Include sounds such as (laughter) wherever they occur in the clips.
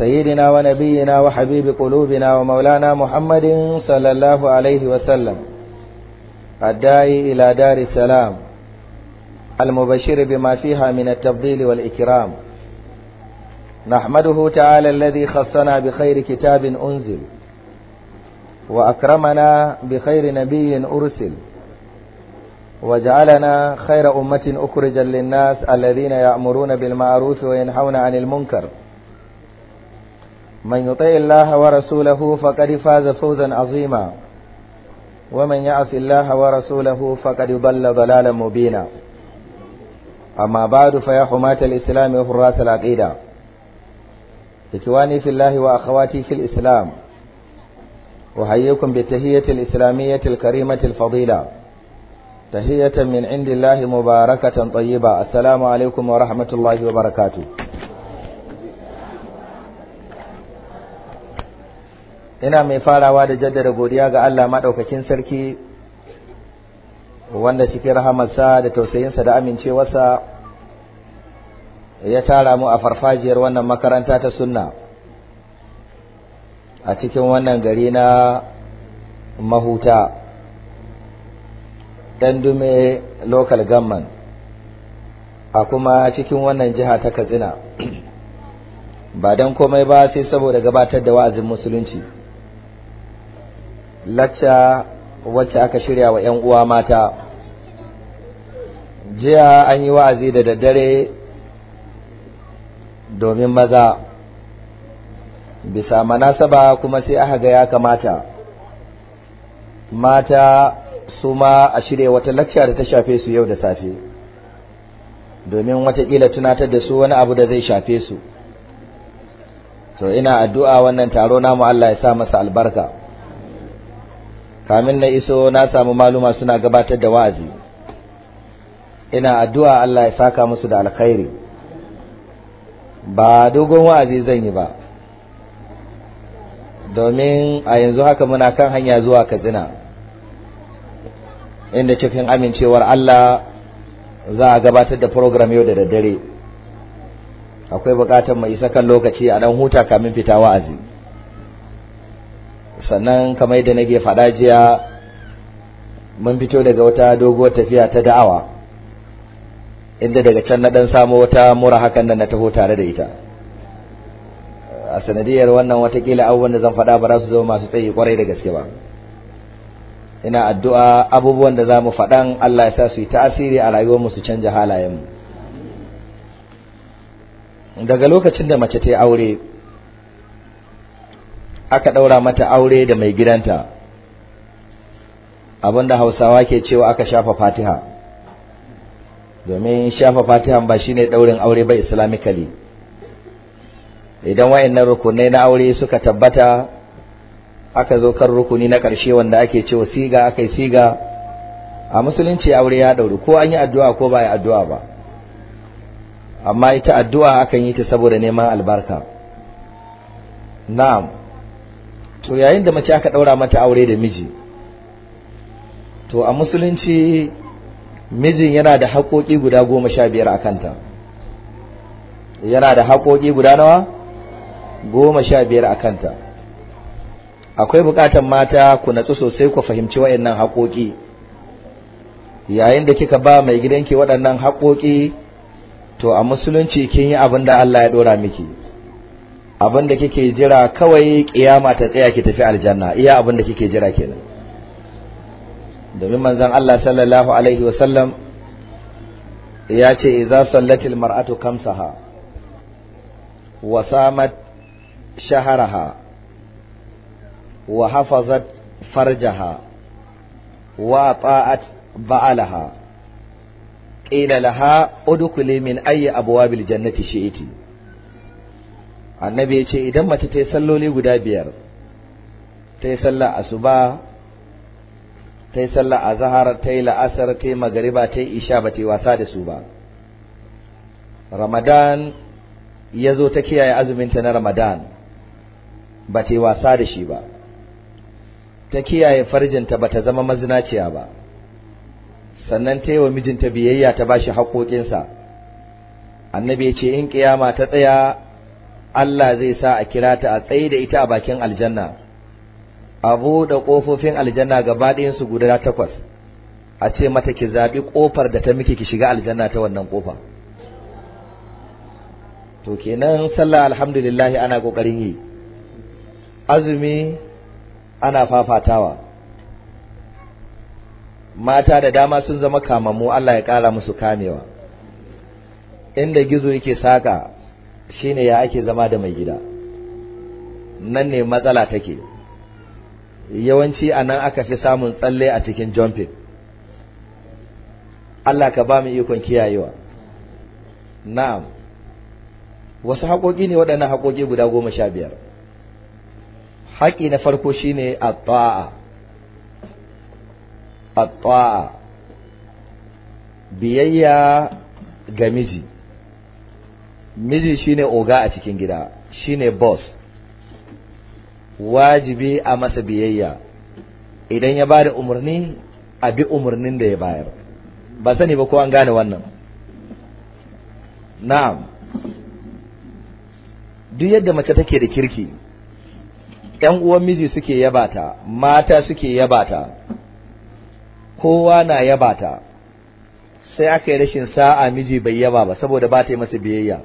سيدنا ونبينا وحبيب قلوبنا ومولانا محمد صلى الله عليه وسلم الداعي إلى دار السلام المبشر بما فيها من التفضيل والإكرام نحمده تعالى الذي خصنا بخير كتاب أنزل وأكرمنا بخير نبي أرسل وجعلنا خير أمة أخرجا للناس الذين يأمرون بالمعروف وينحون عن المنكر من يطع الله ورسوله فقد فاز فوزا عظيما ومن يعص الله ورسوله فقد ضل ضلالا مبينا أما بعد فيا حماة الإسلام وحراس العقيدة إخواني في الله وأخواتي في الإسلام أحييكم بالتهية الإسلامية الكريمة الفضيلة تهية من عند الله مباركة طيبة السلام عليكم ورحمة الله وبركاته ina mai farawa da jaddada godiya ga Allah maɗaukakin sarki wanda cikin rahamarsa da tausayinsa da amincewarsa ya tara mu a farfajiyar wannan makaranta ta sunna a cikin wannan gari na mahuta dandume local government a kuma cikin wannan jiha ta katsina ba dan komai ba sai saboda gabatar da wa'azin musulunci lacca wacce aka shirya wa 'yan uwa mata jiya an yi wa'azi da daddare domin maza bisa manasaba kuma sai aka ga ya kamata mata su ma a shirya wata lacca da ta shafe su yau da safe domin watakila tunatar da su wani abu da zai shafe su to ina addu'a wannan taro namu Allah ya sa masa albarka kamin na iso na samu maluma suna gabatar da wa'azi ina addu'a Allah ya saka musu da alkhairi ba dogon wa'azi zan yi ba domin a yanzu haka muna kan hanya zuwa Katsina inda cikin amincewar Allah za a gabatar da program yau da daddare akwai bukatar mai isa kan lokaci a dan huta kamin fita wa'azi sannan kamar yadda nake fada jiya mun fito daga wata doguwar tafiya ta da'awa inda daga can na dan samo wata mura hakan nan na taho tare da ita a sanadiyar wannan watakila abubuwan da zan fada ba za su zama masu tsayi kwarai da gaske ba ina addu'a abubuwan da za mu faɗan Allah ya sa su yi tasiri a rayuwarmu su canja mu. daga lokacin da mace ta yi aure aka ɗaura mata aure da mai gidanta abinda hausawa ke cewa aka shafa fatiha domin shafa fatiha ba shine ɗaurin aure ba islamically idan na rukunai na aure suka tabbata aka zo kan rukuni na ƙarshe wanda ake cewa siga aka yi siga a musulunci aure ya ɗauri ko an yi addu'a ko ba yi addu'a ba amma ita addu'a akan yi ta saboda neman albarka na'am to yayin da mace aka ɗaura mata aure da miji to a musulunci mijin yana da haƙoƙi guda goma sha biyar a kanta yana da haƙoƙi guda nawa goma sha biyar a kanta akwai buƙatar mata ku natsu sosai ku fahimci waɗannan haƙoƙi yayin da kika ba mai gidanki waɗannan haƙoƙi to a musulunci kin yi abin da Allah ya ɗora miki abin da kike jira kawai kiyama ta tsaya ki tafi aljanna iya abin da kike jira kenan domin manzon Allah sallallahu alaihi Sallam ya ce idza sallatil mar'atu kamsaha wa samat shahraha wa hafazat farjaha wa ta'at ba'alaha qila laha udkhuli min ayyi abwabil jannati shi'ti annabi ya ce idan mace ta yi salloli guda biyar ta yi sallah asuba ta yi sallah azhar ta yi la'asar ta yi magariba ta yi isha ba ta yi wasa da su ba ramadan ya zo ta kiyaye azuminta na ramadan ba ta yi wasa da shi ba ta kiyaye farjinta ba ta zama mazinaciya ba sannan ta yi wa mijinta biyayya ta ba shi haƙoƙinsa annabi ya ce in ƙiyama ta tsaya Allah zai sa a kira ta a tsaye da ita a bakin aljanna a buɗe ƙofofin aljanna gaba su guda takwas a ce mata ki zabi ƙofar da ta miki ki shiga aljanna ta wannan ƙofa to kenan sallah alhamdulillah ana ƙoƙarin yi azumi ana fafatawa mata da dama sun zama kamammu Allah ya ƙara musu kamewa inda gizo yake saka shine ya ake zama da mai gida nan ne matsala take yawanci a nan aka fi samun tsalle a cikin jumping Allah ka ba mu ikon kiyayewa na'am wasu haƙoƙi ne waɗannan haƙoƙi guda goma sha biyar haƙi na farko shine at-ta'a at-ta'a biyayya ga miji miji shine oga a cikin gida shine boss wajibi a masa biyayya idan ya bada umarni a bi umarnin da ya bayar ba sani ba ko an gane wannan na'am duk yadda mace take da kirki ƴan uwan miji suke yabata mata suke yabata kowa na yabata sai aka yi rashin sa'a miji bai yaba ba saboda ba ta yi masa biyayya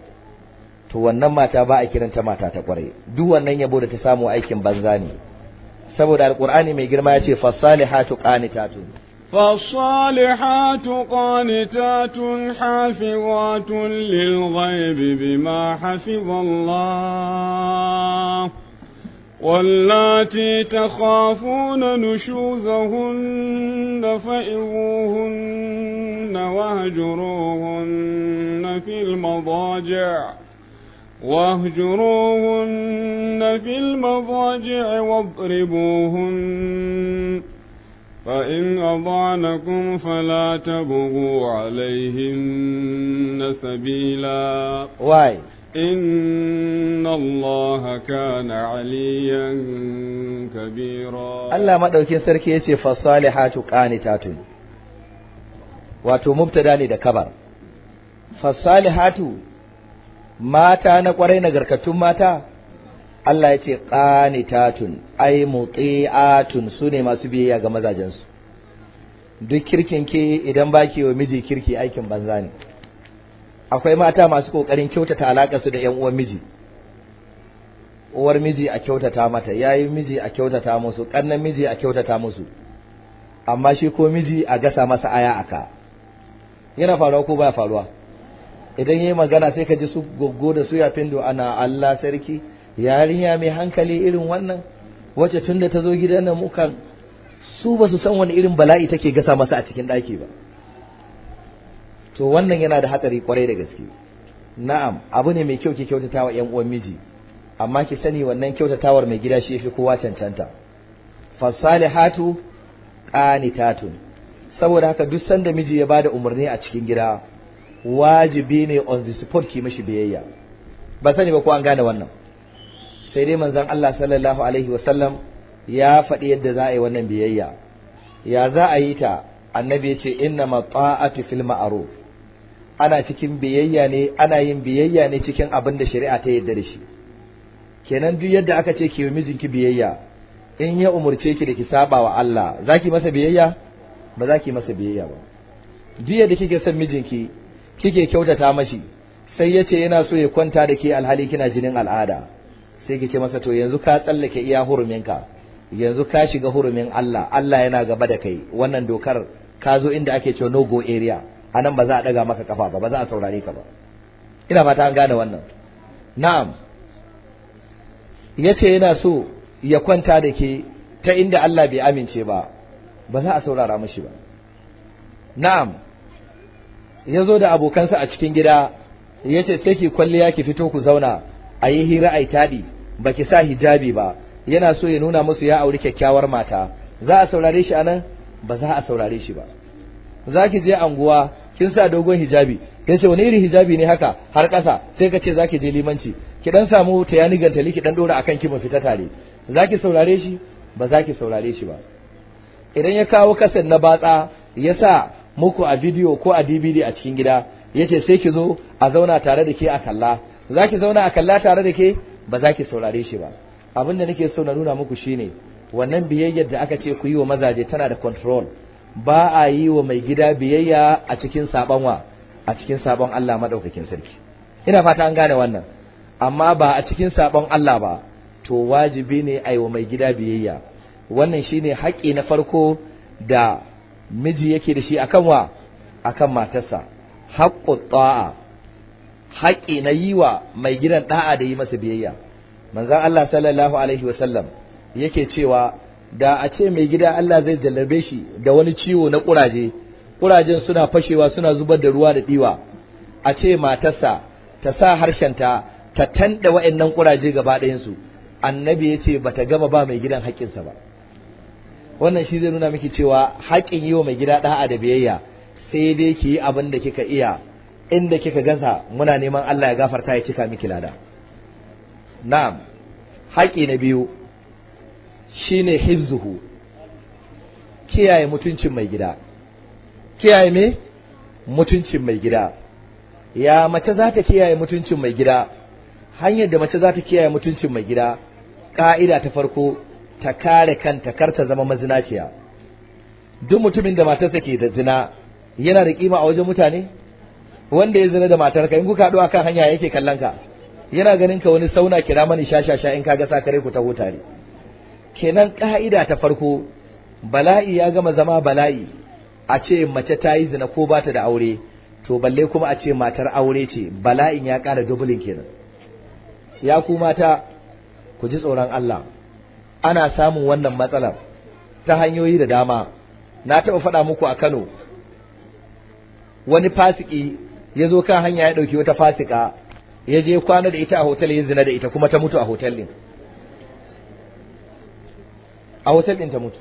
to wannan mata ba a kiranta mata ta kwarai duk wannan yabo da ta samu aikin banza ne saboda alqur'ani mai girma ya ce fasalihatu qanitatun فالصالحات قانتات حافظات ta بما حفظ الله واللاتي تخافون نشوزهن فإغوهن واهجروهن في المضاجع واهجروهن في المضاجع واضربوهن فإن أضعنكم فلا تبغوا عليهن سبيلا واي إن الله كان عليا كبيرا الله ما دوكين سركي يتي فصالحات قانتات واتو مبتدا ne da kabar fasalihatu mata na kwarai nagarkatun mata Allah ya ce qanitatun ay muti'atun sune masu biyayya ga mazajensu duk kirkin ke idan ba ke wa miji kirki aikin banza ne akwai mata masu kokarin kyautata alaka su da ƴan uwan miji uwar miji a kyautata mata yayin miji a kyautata musu kannan miji a kyautata musu amma shi ko miji a gasa masa aya aka yana faruwa ko baya faruwa idan yayi magana sai ka ji su goggo da su ya findo ana Allah sarki yarinya mai hankali irin wannan wacce tunda ta zo gidan nan mukan su ba su san wani irin bala'i take gasa masa a cikin ɗaki ba to wannan yana da hatsari kwarai da gaske na'am abu ne mai kyau ki kyautatawa yan uwan miji amma ki sani wannan kyautatawar mai gida shi yafi kowa cancanta fasalihatu qanitatun saboda haka duk sanda miji ya bada umarni a cikin gida wajibi ne on the spot ki mishi biyayya ba sani ba ko an gane wannan sai dai manzon Allah sallallahu alaihi wa sallam ya faɗi yadda za a yi wannan biyayya ya za a yi ta annabi ya ce inna mata'atu fil ma'ruf ana cikin biyayya ne ana yin biyayya ne cikin abin da shari'a ta yarda da shi kenan duk yadda aka ce ki yi mijinki biyayya in ya umurce ki da ki saba wa Allah zaki masa biyayya ba zaki masa biyayya ba duk yadda kike son mijinki kike kyautata mashi sai yace yana so ya kwanta da ke alhali kina jinin al'ada sai kike masa to yanzu ka tsallake iya huruminka yanzu ka shiga hurumin Allah Allah yana gaba da kai wannan dokar ka zo inda ake cewa no go area anan ba za a daga maka kafa ba ba za a saurare ka ba ina fata an gane wannan na'am yace yana so ya kwanta da ke ta inda Allah bai amince ba ba za a saurara mashi ba na'am ya zo da abokansa a cikin gida ya ce sai ki kwalliya ki fito ku zauna a yi hira a yi taɗi ba ki sa hijabi ba yana so ya nuna musu ya auri kyakkyawar mata za a saurare shi anan ba za a saurare shi ba za ki je anguwa kin sa dogon hijabi kin ce wani irin hijabi ne haka har ƙasa sai ka ce za ki je limanci ki dan samu ta yani gantali ki dan dora akan ki mu fita tare za ki saurare shi ba za ki saurare shi ba idan ya kawo kasan na batsa ya sa muku a bidiyo ko a dvd a cikin gida yace sai ki zo a zauna tare da ke a kalla zaki zauna a kalla tare da ke ba zaki saurare shi ba abin da nake so na nuna muku shine wannan biyayyar da aka ce ku yi wa mazaje tana da control ba a yi wa mai gida biyayya a cikin sabon a cikin sabon Allah madaukakin sarki ina fata an gane wannan amma ba a cikin sabon Allah ba to wajibi ne a yi wa mai gida biyayya wannan shine haƙƙi na farko da miji yake da shi akan wa akan matarsa haqqu ta'a haƙƙi na yi wa mai gidan ɗa'a da yi masa biyayya manzon Allah sallallahu alaihi wasallam yake cewa da a ce mai gida Allah zai jallabe shi da wani ciwo na ƙuraje, ƙurajen suna fashewa suna zubar da ruwa da diwa a ce matarsa ta sa harshenta ta tanda wa'annan ƙuraje gaba ɗayan su annabi yace bata gama ba mai gidan haƙƙinsa ba wannan shi zai nuna miki cewa haƙin yi wa mai gida ɗa'a da biyayya sai dai ki yi abin da kika iya inda kika gaza muna neman Allah ya gafarta ya cika miki lada na'am haƙi na biyu shine hifzuhu kiyaye mutuncin mai gida kiyaye me mutuncin mai gida ya mace za ta kiyaye mutuncin mai gida hanyar da mace za ta kiyaye mutuncin mai gida ka'ida ta farko ta kare kanta kar ta zama mazinaciya duk mutumin da matarsa ke da zina yana da kima a wajen mutane wanda ya zina da matar ka, in kuka haɗu akan hanya yake kallon ka yana ganin ka wani sauna kira mani shashasha in kaga sa kare ku ta tare kenan ka'ida ta farko bala'i ya gama zama bala'i a ce mace ta yi zina ko bata da aure to balle kuma a ce matar aure ce bala'in ya kara dubulin kenan ya ku mata ku ji tsoron Allah ana samun wannan matsalar ta hanyoyi da dama na taɓa faɗa muku a Kano wani fasiki ya zo kan hanya ya ɗauki wata fasika ya je kwana da ita a hotel ya zina da ita kuma ta mutu a hotel ɗin a hotel ɗin ta mutu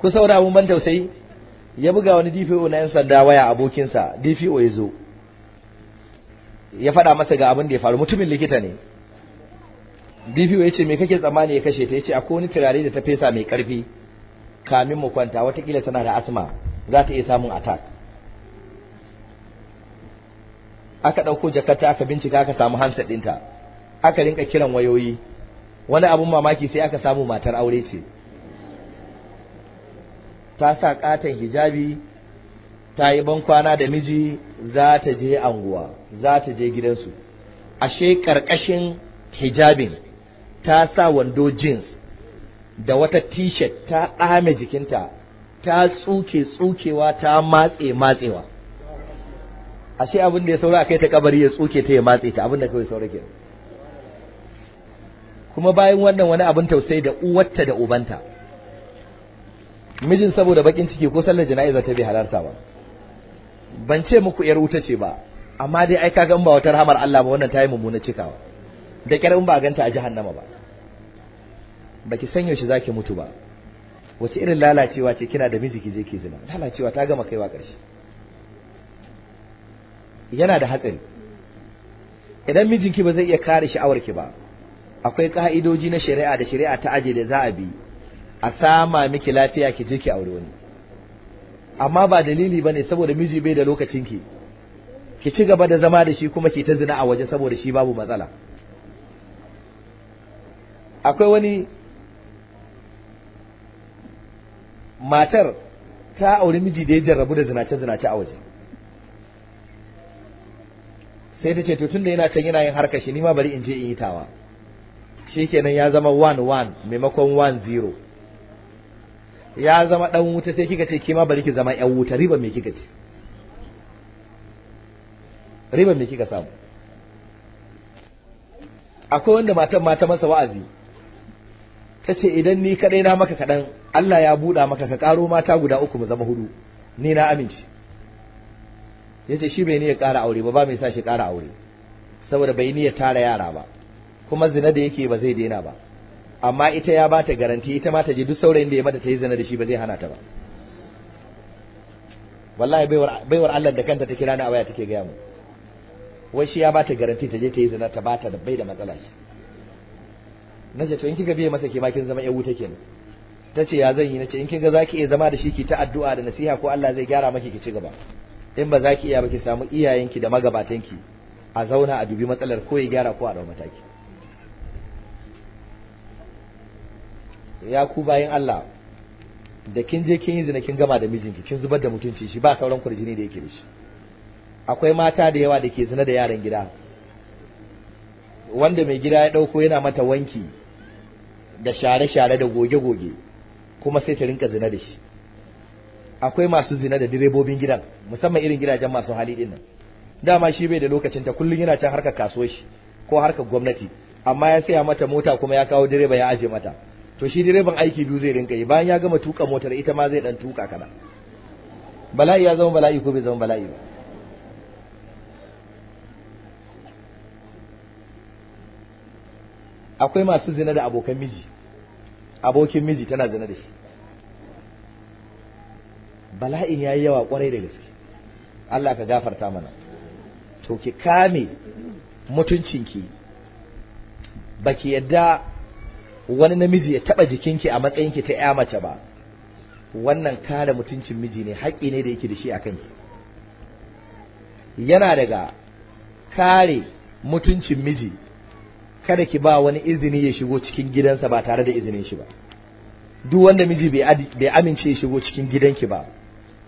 ku saura mun ban tausayi ya buga wani DPO na 'yan sanda waya abokinsa DPO ya zo ya faɗa masa ga abin da ya faru mutumin likita ne DPO yace ce me kake tsammani ya kashe ta ya ce akwai wani turare da ta fesa mai karfi kamin mu kwanta watakila tana da asma za ta iya samun attack aka ɗauko jakarta aka bincika aka samu handset ɗinta aka rinka kiran wayoyi wani abun mamaki sai aka samu matar aure ce ta sa katon hijabi ta yi ban kwana da miji za ta je anguwa za ta je gidansu ashe karkashin hijabin ta sa wando jeans da wata t-shirt ta ɗame jikinta ta tsuke tsukewa ta matse matsewa ashe abin da ya saura kai ta kabari ya tsuke ta ya matse ta abin da kai saura ke kuma bayan wannan wani abin tausayi da uwarta da ubanta mijin saboda bakin ciki ko sallar jana'iza ta bai halarta ba ban ce muku yar wuta ce ba amma dai ai kaga in ba wata rahamar Allah ba wannan ta yi mummuna cikawa da kyar in ba ganta a jahannama ba baki san yaushe zaki mutu ba wace irin lalacewa ce kina da miji kije ke zina lalacewa ta gama kaiwa ƙarshe yana da hatsari idan mijinki ba zai iya kare sha'awarki ba akwai ka'idoji na shari'a da shari'a ta aje da za a bi a sama miki lafiya ki je ki aure wani amma ba dalili bane saboda miji bai da lokacin ki ki ci gaba da zama da shi kuma ki ta zina a waje saboda shi babu matsala akwai wani matar ta auri miji da ya jarrabu da zinace-zinace a waje sai ta ce to tunda yana can yana yin harkar shi nima bari in je in yi tawa kenan ya zama one one maimakon one zero ya zama dan wuta sai kika ce kima bari ki zama yan wuta riba me kika ce riba me kika samu akwai wanda matan mata masa wa'azi ta ce idan ni kaɗai na maka kaɗan Allah ya buɗa maka ka ƙaro mata guda uku mu zama hudu ni na amince ya ce shi bai niyyar ƙara aure ba ba mai sa shi ƙara aure saboda bai niyyar tara yara ba kuma zina da yake ba zai daina ba amma ita ya ba ta garanti ita ma ta je duk saurayin da ya mata ta yi zina da shi ba zai hana ta ba wallahi baiwar Allah da kanta ta kira ni a waya take gaya mu wai shi ya ba ta garanti ta je ta yi zina ta ba ta da bai da matsala shi nace to in kika biye masa ke ma kin zama yan wuta kenan tace ya zan yi nace in kin za zaki iya zama da shi ki ta addu'a da nasiha ko Allah zai gyara maki ki ci gaba in ba zaki iya ba ki samu iyayenki da magabatanki a zauna a dubi matsalar ko ya gyara ko a dau mataki ya ku bayan Allah da kin je kin yi zina kin gama da mijinki kin zubar da mutunci shi ba sauran kurjini da yake da shi akwai mata da yawa da ke zina da yaran gida wanda mai gida ya dauko yana mata wanki da share-share da goge-goge kuma sai ta rinka zina da shi akwai masu zina da direbobin gidan musamman irin gidajen masu hali din nan dama shi bai da lokacin ta kullun yana can harkar kasuwar shi ko harkar gwamnati amma ya saya mata mota kuma ya kawo direba ya aje mata to shi direban aiki biyu zai rinka yi bayan ya gama tuka motar ita ma zai dan tuka kana bala'i ya zama bala'i ko bai zama bala'i ba akwai masu zina da abokan miji abokin miji tana zina da shi bala'in ya yi yawa kwarai da gaske Allah ka gafarta mana to ki kame mutuncinki baki yadda wani namiji ya taba jikinki a matsayinki ta ya mace ba wannan kare mutuncin miji ne haƙƙi ne da yake da shi a kanki yana daga kare mutuncin miji kada ki ba wani izini ya shigo cikin gidansa ba tare da izinin shi ba duk wanda miji bai amince ya shigo cikin gidanki ba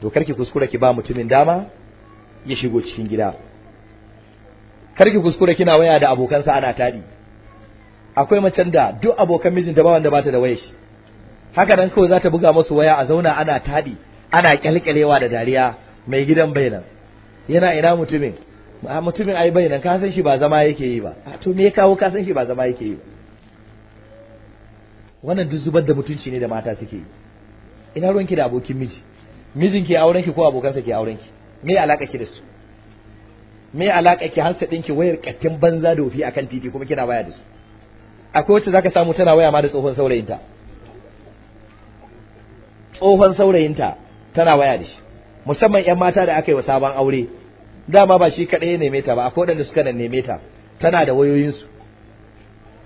to karki kuskura ki ba mutumin dama ya shigo cikin gida karki kuskura kina waya da abokansa ana tadi akwai macen da duk abokan mijinta ba wanda bata da wayar shi haka nan kawai za ta buga musu waya a zauna ana tadi ana kyalkyalewa da dariya mai gidan nan yana ina mutumin mutumin ai bai nan ka san shi ba zama yake yi ba to me ya kawo ka san shi ba zama yake yi ba wannan duk zubar da mutunci ne da mata suke yi ina ruwanki da abokin miji mijin ki auren ki ko abokansa ke auren ki me alaka ki da su me alaka ki hansa ki wayar kattin banza da ofi akan titi kuma kina waya da su akwai wacce zaka samu tana waya ma da tsohon saurayinta tsohon saurayinta tana waya da shi musamman yan mata da aka yi wa sabon aure dama ba shi kaɗai ya neme ta ba akwai waɗanda suka neme ta tana da wayoyinsu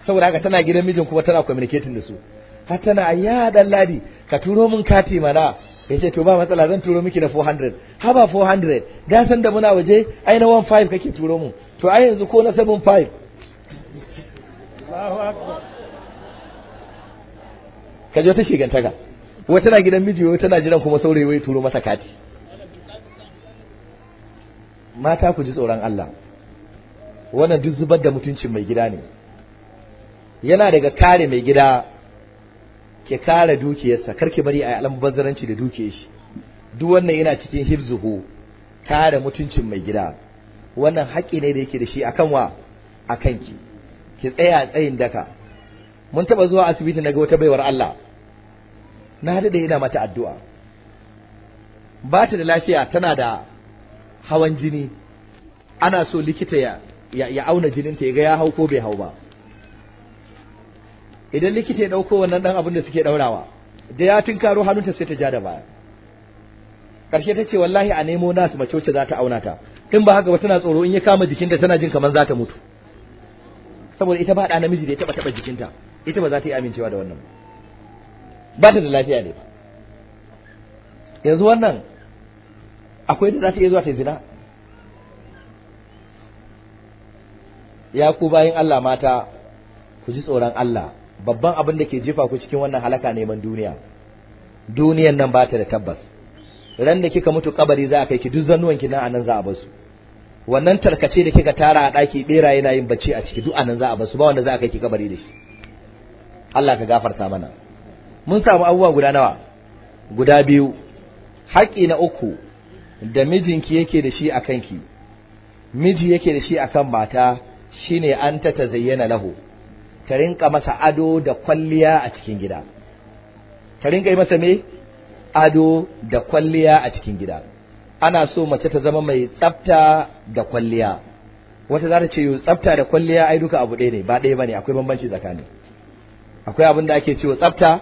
saboda haka tana gidan mijin kuma tana communicating da su har tana ya dan ladi ka turo min kati mana ce to ba matsala zan turo miki na 400 ha ba 400 da san da muna waje ai na 15 kake turo mu to ai yanzu ko na 75 ka je ta shigantaka wata na gidan miji wata na jiran kuma saurayi wai turo masa kati mata ku ji tsoron Allah wannan duk zubar da mutuncin mai gida ne yana daga kare mai gida ke kare dukiyarsa karki bari a yi almubazzaranci da dukiyar shi duk wannan yana cikin hifzuhu kare mutuncin mai gida wannan haƙƙi ne da yake da shi akan wa akan ki ki tsaya tsayin daka mun taba zuwa asibiti na ga wata baiwar Allah na hada da yana mata addu'a ba ta da lafiya tana da hawan jini ana so likita ya ya auna jininta ya ga ya hau ko bai hau ba idan likita ya dauko wannan dan abin da suke daurawa da ya tinkaro hannunta sai ta ja da baya karshe ta ce wallahi a nemo nasu mace wacce za ta auna ta in ba haka ba tana tsoro in ya kama jikinta tana jin kamar za ta mutu saboda ita ba da namiji da ya taba taba jikinta ita ba za ta yi amincewa da wannan ba ta da lafiya ne yanzu wannan akwai da za ta iya zuwa ta zina ya ku bayin Allah mata ku ji tsoron Allah babban abin da ke jefa ku cikin wannan halaka neman duniya duniyan nan ba ta da tabbas ran da kika mutu kabari za a kai ki duk zannuwan ki nan anan za a basu wannan tarkace da kika tara a daki bera yana yin bacci a ciki duk anan za a basu ba wanda za a kai ki kabari da shi Allah ka gafarta mana mun samu abubuwa guda nawa guda biyu haƙi na uku da mijinki yake da shi a kanki miji yake da shi akan mata shine an ta zayyana lahu ta rinka masa ado da kwalliya a cikin gida ta rinka yi masa me ado da kwalliya a cikin gida ana so mace ta zama mai tsafta da kwalliya wata za ta ce yo tsafta da kwalliya ai duka abu ɗaya ne ba ɗaya bane akwai bambanci tsakani akwai abin da ake cewa tsafta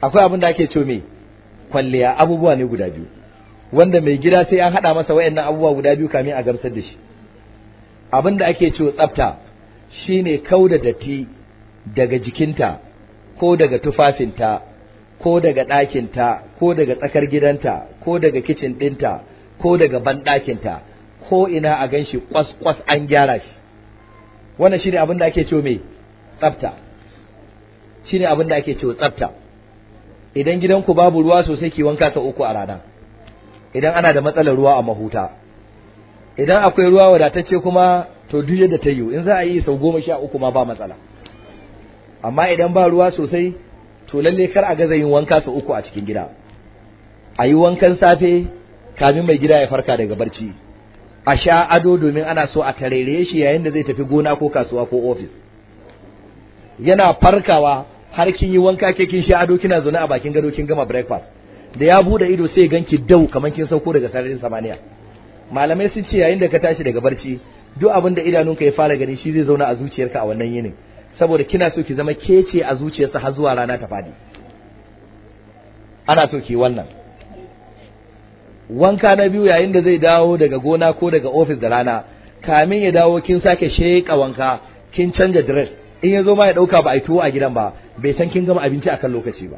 akwai abin da ake cewa me kwalliya abubuwa ne guda biyu wanda mai gida sai an haɗa masa wayannan abubuwa guda biyu kamin a gamsar da shi abin da ake cewa tsafta shine kauda datti daga jikinta ko daga tufafinta ko daga ɗakinta ko daga tsakar gidanta ko daga kicin ɗinta ko daga banɗakinta ko ina a ganshi kwas-kwas an gyara shi wannan shine abin da ake cewa me tsafta shine abin da ake cewa tsafta idan gidanku babu ruwa sosai ki wanka sau uku a rana idan ana da matsalar ruwa a mahuta idan akwai ruwa wadatacce kuma to duk yadda ta yiwu in za a yi sau goma sha uku ma ba matsala amma idan ba ruwa sosai to lalle kar a gaza yin wanka sau uku a cikin gida a yi wankan safe kamin mai gida ya farka daga barci a sha ado domin ana so a tarairaye shi yayin da zai tafi gona ko kasuwa ko ofis yana farkawa har kin yi wanka ke kin sha ado kina zaune a bakin gado kin gama breakfast da ya bude ido sai ganki dau kamar kin sauko daga sararin samaniya malamai sun ce yayin da ka tashi daga barci duk abin da idanunka ya fara gani shi zai zauna a zuciyarka a wannan yinin saboda kina so ki zama kece a zuciyarsa har zuwa rana ta fadi ana so ki wannan wanka na biyu yayin da zai dawo daga gona ko daga ofis da rana kamin ya dawo kin sake sheka wanka kin canja dress in ya zo ma ya dauka ba a yi tuwo a gidan ba bai san kin gama abinci a kan lokaci ba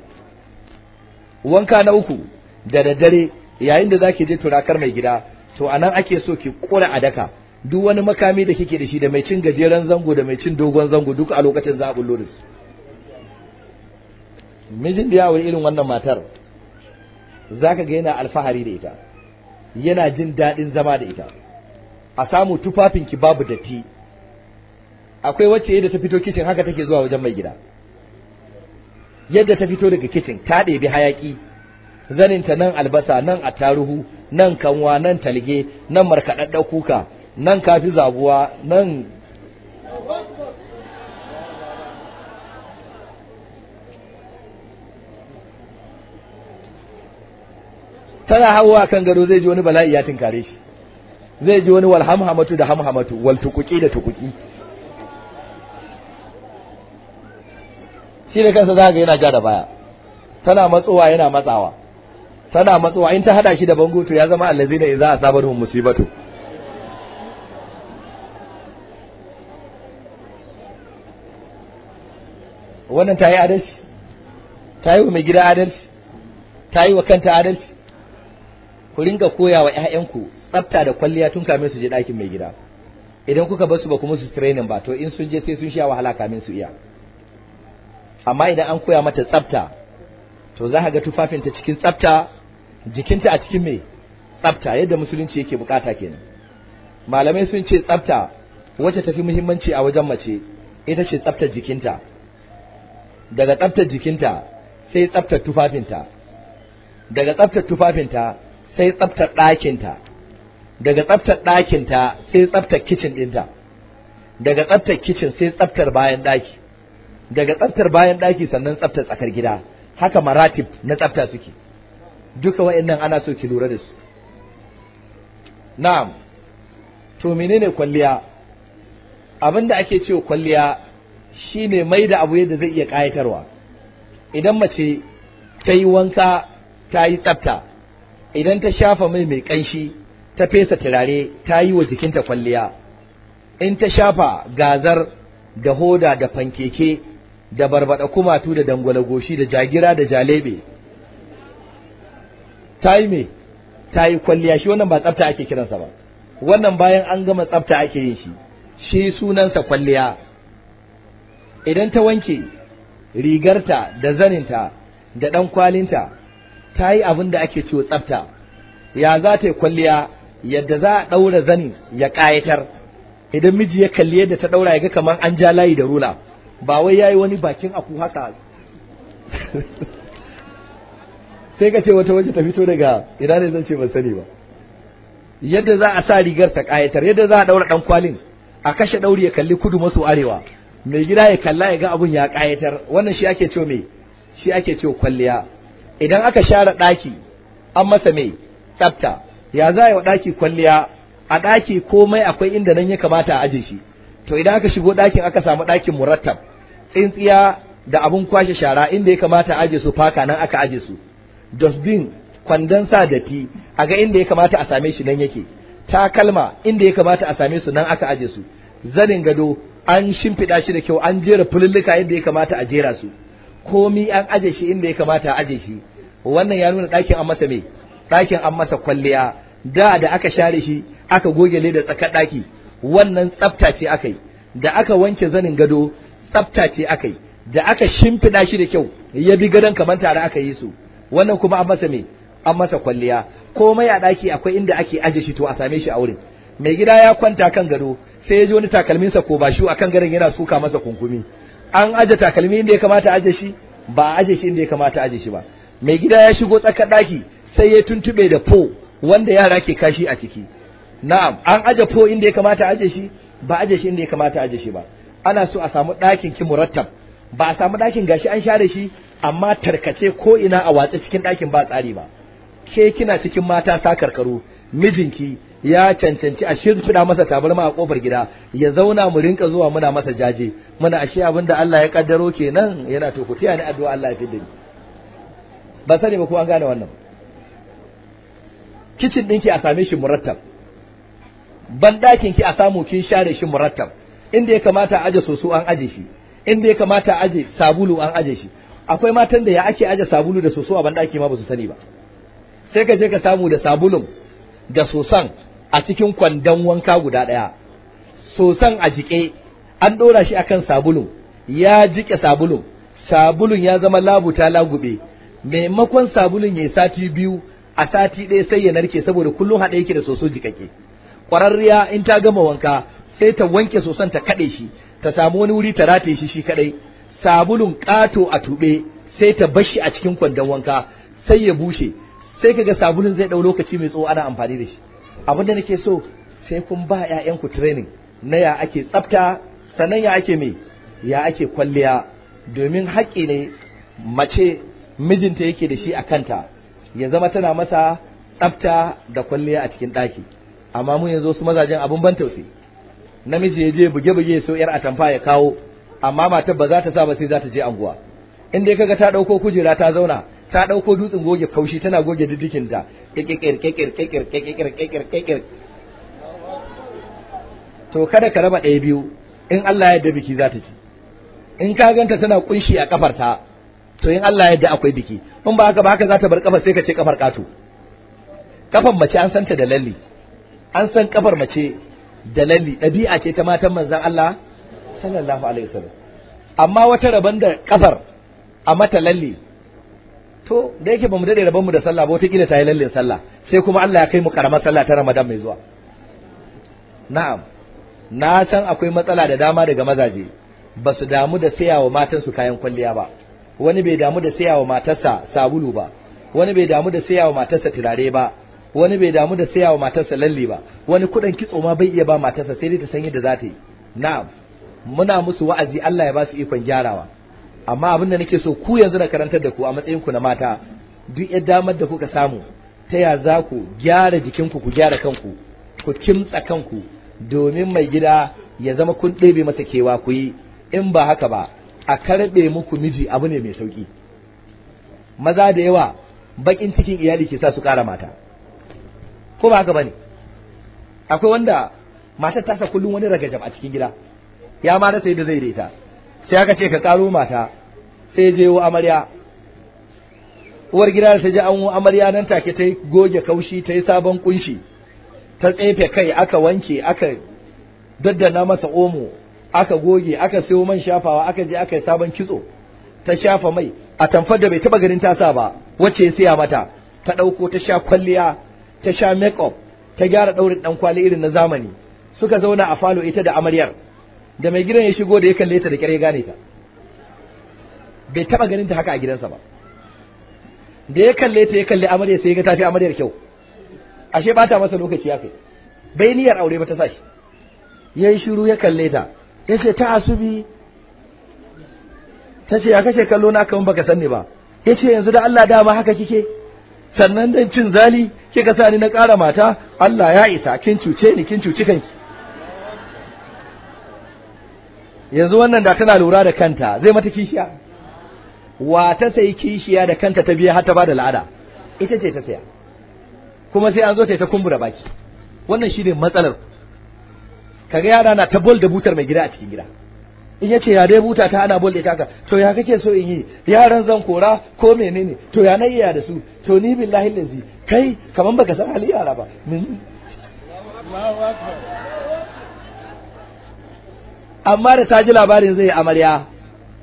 wanka na uku da daddare yayin da zake je turakar mai gida to anan ake so ki kura adaka duk wani makami da kike da shi da mai cin gajeren zango da mai cin dogon zango duk a lokacin za a bullo da su mijin da irin wannan matar zaka ga yana alfahari da ita yana jin daɗin zama da ita a samu ki babu datti akwai wacce da ta fito kishin haka take zuwa wajen mai gida yadda ta fito daga kicin ta ɗebi hayaƙi zaninta nan albasa nan attaruhu nan kanwa nan talge nan markaɗaɗɗen kuka nan kafi zabuwa nan tana hawa kan gado zai ji wani bala'i ya tinkare shi zai ji wani walhamhamatu da hamhamatu wal tukuki da tukuki shi da kansa za ga yana ja da baya tana matsowa yana matsawa tana matsowa in ta hada shi da bango to ya zama za a sabar hun musibatu wannan ta yi adalci ta yi wa mai gida adalci ta yi wa kanta adalci ku ringa koya wa 'ya'yanku tsafta da kwalliya tun kamin su je ɗakin mai gida idan kuka basu ba kuma su training ba to in sun je sai sun sha wahala kamin su iya amma idan an koya mata tsafta to za ka ga tufafinta cikin tsafta jikinta a cikin mai tsafta yadda musulunci yake bukata kenan malamai sun ce tsafta wacce tafi muhimmanci a wajen mace ita ce tsaftar jikinta daga tsaftar jikinta sai tsaftar tufafinta daga tsaftar tufafinta sai tsaftar ɗakinta daga tsaftar ɗakinta sai tsaftar kicin ɗinta daga tsaftar kicin sai tsaftar bayan ɗaki daga tsaftar bayan ɗaki sannan tsaftar tsakar gida haka maratib na tsafta suke duka wa'annan ana so ki lura da su na'am to menene kwalliya Abin da ake cewa kwalliya shine mai da abu yadda zai iya kayatarwa idan mace ta yi wanka ta yi tsafta idan ta shafa mai mai kanshi ta fesa turare ta yi wa jikinta kwalliya in ta shafa gazar da hoda da fankeke da barbada kumatu da dangwala goshi da jagira da jalebe ta yi me ta yi kwalliya shi wannan ba tsafta ake kiransa ba wannan bayan an gama tsafta ake yin shi shi sunansa kwalliya idan ta wanke rigarta da zaninta da ɗan kwalinta ta yi abin da ake ciwo tsafta ya za ta yi kwalliya yadda za a ɗaura zanin ya ƙayatar idan miji ya kalli yadda ta ɗaura ya ga kamar an ja layi da rula ba wai yayi wani bakin aku haka sai ka ce wata waje ta fito daga ina ne zan ce ban sani ba yadda za a sa rigar ta kayatar yadda za a daura dan kwalin a kashe dauri ya kalli kudu maso arewa mai gida ya kalla ya ga abun ya kayatar wannan shi ake cewa me shi ake cewa kwalliya idan aka share daki an masa me tsafta ya za wa daki kwalliya a daki komai akwai inda nan ya kamata a aje shi to idan aka shigo dakin aka samu dakin murattab tsintsiya da abun kwashe shara inda ya kamata aje su faka nan aka aje su dustbin kwandon sa datti a ga inda ya kamata a same shi nan yake takalma inda ya kamata a same su nan aka aje su zanin gado an shimfiɗa shi da kyau an jera fululluka inda ya kamata a jera su komi an aje shi inda ya kamata a aje shi wannan ya nuna ɗakin an masa me ɗakin an masa kwalliya da da aka share shi aka goge leda tsakar ɗaki wannan tsafta ce aka da aka wanke zanin gado tsafta ce aka yi da aka shimfiɗa shi da kyau ya bi gadon kamar tare aka yi su wannan kuma an masa me an masa kwalliya komai a ɗaki akwai inda ake aje shi to a same shi a wurin mai gida ya kwanta kan gado sai ya ji wani takalminsa ko ba shi akan garin yana suka masa kunkumi an aje takalmi inda ya kamata aje shi ba a aje shi inda ya kamata aje shi ba mai gida ya shigo tsakar ɗaki sai ya tuntuɓe da po wanda yara ke kashi a ciki na'am an aje po inda ya kamata aje shi ba aje shi inda ya kamata aje shi ba ana so a samu ɗakin ki murattab ba a samu ɗakin gashi an share shi amma tarkace ko ina a watsa cikin ɗakin ba tsari ba ke kina cikin mata sa karkaro mijinki ya cancanci a shirfiɗa masa tabarma a kofar gida ya zauna mu rinka zuwa muna masa jaje muna ashe abin da Allah ya kaddaro kenan yana to ku tiya ni addu'a Allah ya fidda ni ba sani ba ko an gane wannan kicin ɗinki a same shi murattab ban ɗakin ki a samu kin share shi murattab inda ya kamata a aje soso an aje shi inda ya kamata a aje sabulu an aje shi akwai matan da ya ake aje sabulu da soso a banɗaki ma ba su sani ba sai ka je ka samu da sabulun da sosan a cikin kwandon wanka guda ɗaya sosan a jiƙe an ɗora shi akan sabulun ya jiƙe sabulun sabulun ya zama labuta lagube maimakon sabulun ya sati biyu a sati ɗaya sai ya narke saboda kullum haɗe yake da soso jikakke ƙwararriya in ta gama wanka sai ta wanke soson ta kaɗe shi ta samu wani wuri ta rataye shi shi kaɗai sabulun ƙato a tuɓe sai ta bashi a cikin kwandon wanka sai ya bushe sai kaga sabulun zai ɗau lokaci mai tsawo ana amfani da shi abin da nake so sai kun ba ƴaƴanku training na ya ake tsafta sannan ya ake me ya ake kwalliya domin haƙƙi ne mace mijinta yake da shi a kanta ya zama tana masa tsafta da kwalliya a cikin ɗaki amma mu yanzu wasu mazajen abin ban tausayi namiji ya je buge-buge so yar atamfa ya kawo amma matar ba za ta sa ba sai za ta je anguwa in dai kaga ta dauko kujera ta zauna ta dauko dutsen goge kaushi tana goge diddikin ta kikir kikir kikir kikir kikir kikir to kada ka raba ɗaya biyu in Allah ya yarda biki za ta ci in ka ganta tana kunshi a kafar ta to in Allah ya yarda akwai biki in ba haka ba haka za ta bar kafar sai ka ce kafar kato kafar mace an santa da lalle an san kafar mace da lalli ɗabi'a ce ta matan manzan Allah sallallahu alaihi wasallam amma wata rabon da kafar a mata lalle to da yake bamu dade rabon mu da sallah ba wata kila ta yi lalle sallah sai kuma Allah ya kai mu karamar sallah ta Ramadan mai zuwa na'am na san akwai matsala da dama daga mazaje ba su damu da sayawa matan su kayan kwalliya ba wani bai damu da sayawa matarsa sabulu ba wani bai damu da sayawa matarsa turare ba wani bai damu da sayawa matarsa lalle ba wani kuɗin kitso ma bai iya ba matarsa sai dai ta san yadda za ta yi na'am muna musu wa'azi Allah ya ba su ikon gyarawa amma abin da nake so ku yanzu na karantar da ku a matsayin ku na mata duk ya damar da kuka samu ta ya za ku gyara jikinku ku gyara kanku ku kimtsa kanku domin mai gida ya zama kun ɗebe masa kewa ku yi in ba haka ba a karɓe muku miji abu ne mai sauƙi maza da yawa baƙin cikin iyali ke sa su ƙara mata ko ba haka bane akwai wanda matar sa kullum wani ragajam a cikin gida ya ma rasa yadda zai daita sai aka ce ka karo mata sai je wa amarya uwar gida ta je an amarya nan take ta goge kaushi ta yi sabon kunshi ta tsefe kai aka wanke aka daddana masa omo aka goge aka sayo man shafawa aka je aka yi sabon kitso ta shafa mai a tamfar da bai taba garin tasa ba wacce ya siya mata ta ɗauko ta sha kwalliya ta sha makeup ta gyara ɗaurin ɗan kwali irin na zamani suka zauna a falo ita da amaryar da mai gidan ya shigo da ya kalle ta da kare ya gane ta bai taba ganin ta haka a gidansa ba da ya kalle ta ya kalle amaryar sai ga tafi amaryar kyau ashe bata masa lokaci ya kai bai niyyar aure ba ta sashi yayi shiru ya kalle ta Ya ce ta asubi Ta ce ya kashe kallo na kaman baka sanni ba Ya ce yanzu da Allah dama haka kike sannan dan cin zali kika sa ni na ƙara mata Allah ya isa kin cuce ni kin cuci kanki yanzu wannan da tana lura da kanta zai mata kishiya wa ta sai kishiya da kanta ta biya har ta bada la'ada ita ce ta saya kuma sai an zo ta ta kumbura baki wannan shine matsalar kaga yara na ta bol da butar mai gida a cikin gida in yace ya dai buta ta ana bolle kaka to ya kake so in yi yaran zan kora ko menene to ya na iya da su to ni billahi lazi kai kaman baka san hali yara ba amma da ta ji labarin zai amarya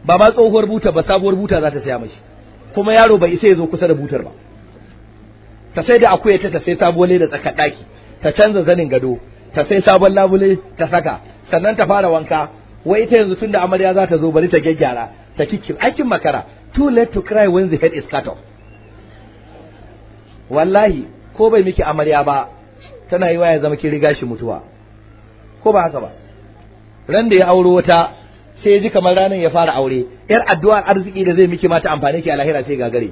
ba ma tsohuwar buta ba sabuwar buta za ta saya mashi kuma yaro bai isa ya zo kusa da butar ba ta sai da akuya ta ta sai sabuwar da tsakar daki ta canza zanin gado ta sai sabon labule ta saka sannan ta fara wanka wai ita yanzu tunda amarya za ta zo bari ta gyaggyara ta kikki akin makara too late to cry when the head is cut off wallahi ko bai miki amarya ba tana yi ya zama kin riga shi mutuwa ko ba haka ba ran da ya auro wata sai ya ji kamar ranar ya fara aure yar addu'ar arziki da zai miki mata amfani ki a lahira sai gagare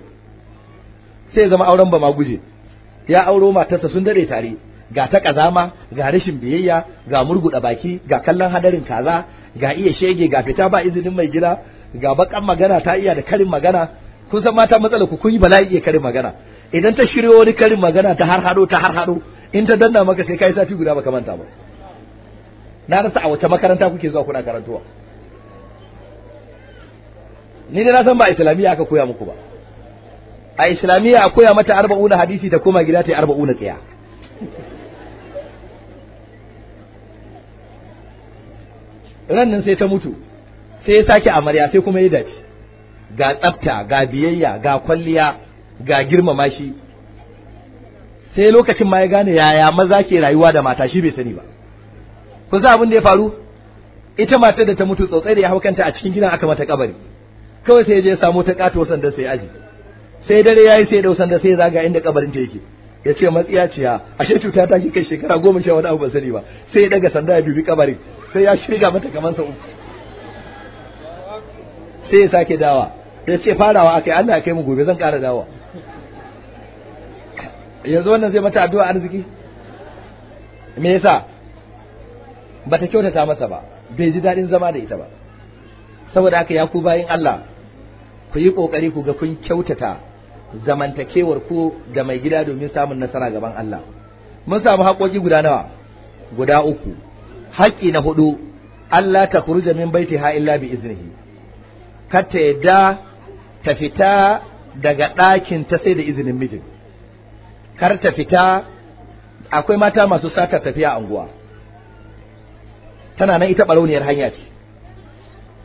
sai ya zama auren ba ma guje ya auro matarsa sun dade tare ga ta kazama ga rashin biyayya ga murguda baki ga kallon hadarin kaza ga iya shege ga fita ba izinin mai gida ga bakan magana ta iya da karin magana kun san mata matsala ku kun yi bala'i iya karin magana idan ta shiryo wani karin magana ta har hado ta har hado in ta danna maka sai kai sati guda baka manta ba na rasa a wace makaranta kuke zuwa kuna karantuwa ni da na san ba islamiyya aka koya muku ba a islamiyya a koya mata arba'una hadisi ta koma gida ta yi arba'una tsaya ran nan sai ta mutu sai ya sake amarya sai kuma ya dace ga tsafta ga biyayya ga kwalliya ga girmama shi sai lokacin ma ya gane yaya maza ke rayuwa da mata shi bai sani ba kun za abin da ya faru ita matar da ta mutu tsotsai da ya hau kanta a cikin gidan aka mata kabari kawai sai ya je ya samo ta kato sanda sai aji sai dare yayi sai da sanda sai zaga inda kabarin ta yake ya ce matsiya ciya ashe cuta ta kai shekara goma sha wani abu ba sani ba sai ya daga sanda ya bibi kabarin sai ya shirga mata kamar sa uku sai ya sake dawa ya ce farawa akai Allah ya kai mu gobe zan ƙara dawa yanzu wannan zai mata addu'a arziki me yasa bata kyautata masa ba bai ji daɗin zama da ita ba saboda haka ya ku bayin Allah ku yi kokari ku ga kun kyautata zamantakewar ku da mai gida domin samun nasara gaban Allah mun samu haƙoƙi guda nawa guda uku haƙƙi na hudu Allah ta kuruja min ha illa bi iznihi kata yadda ta fita daga ɗakin ta sai da izinin mijin kar ta fita akwai mata masu sata tafiya unguwa. tana nan ita barauniyar hanya ce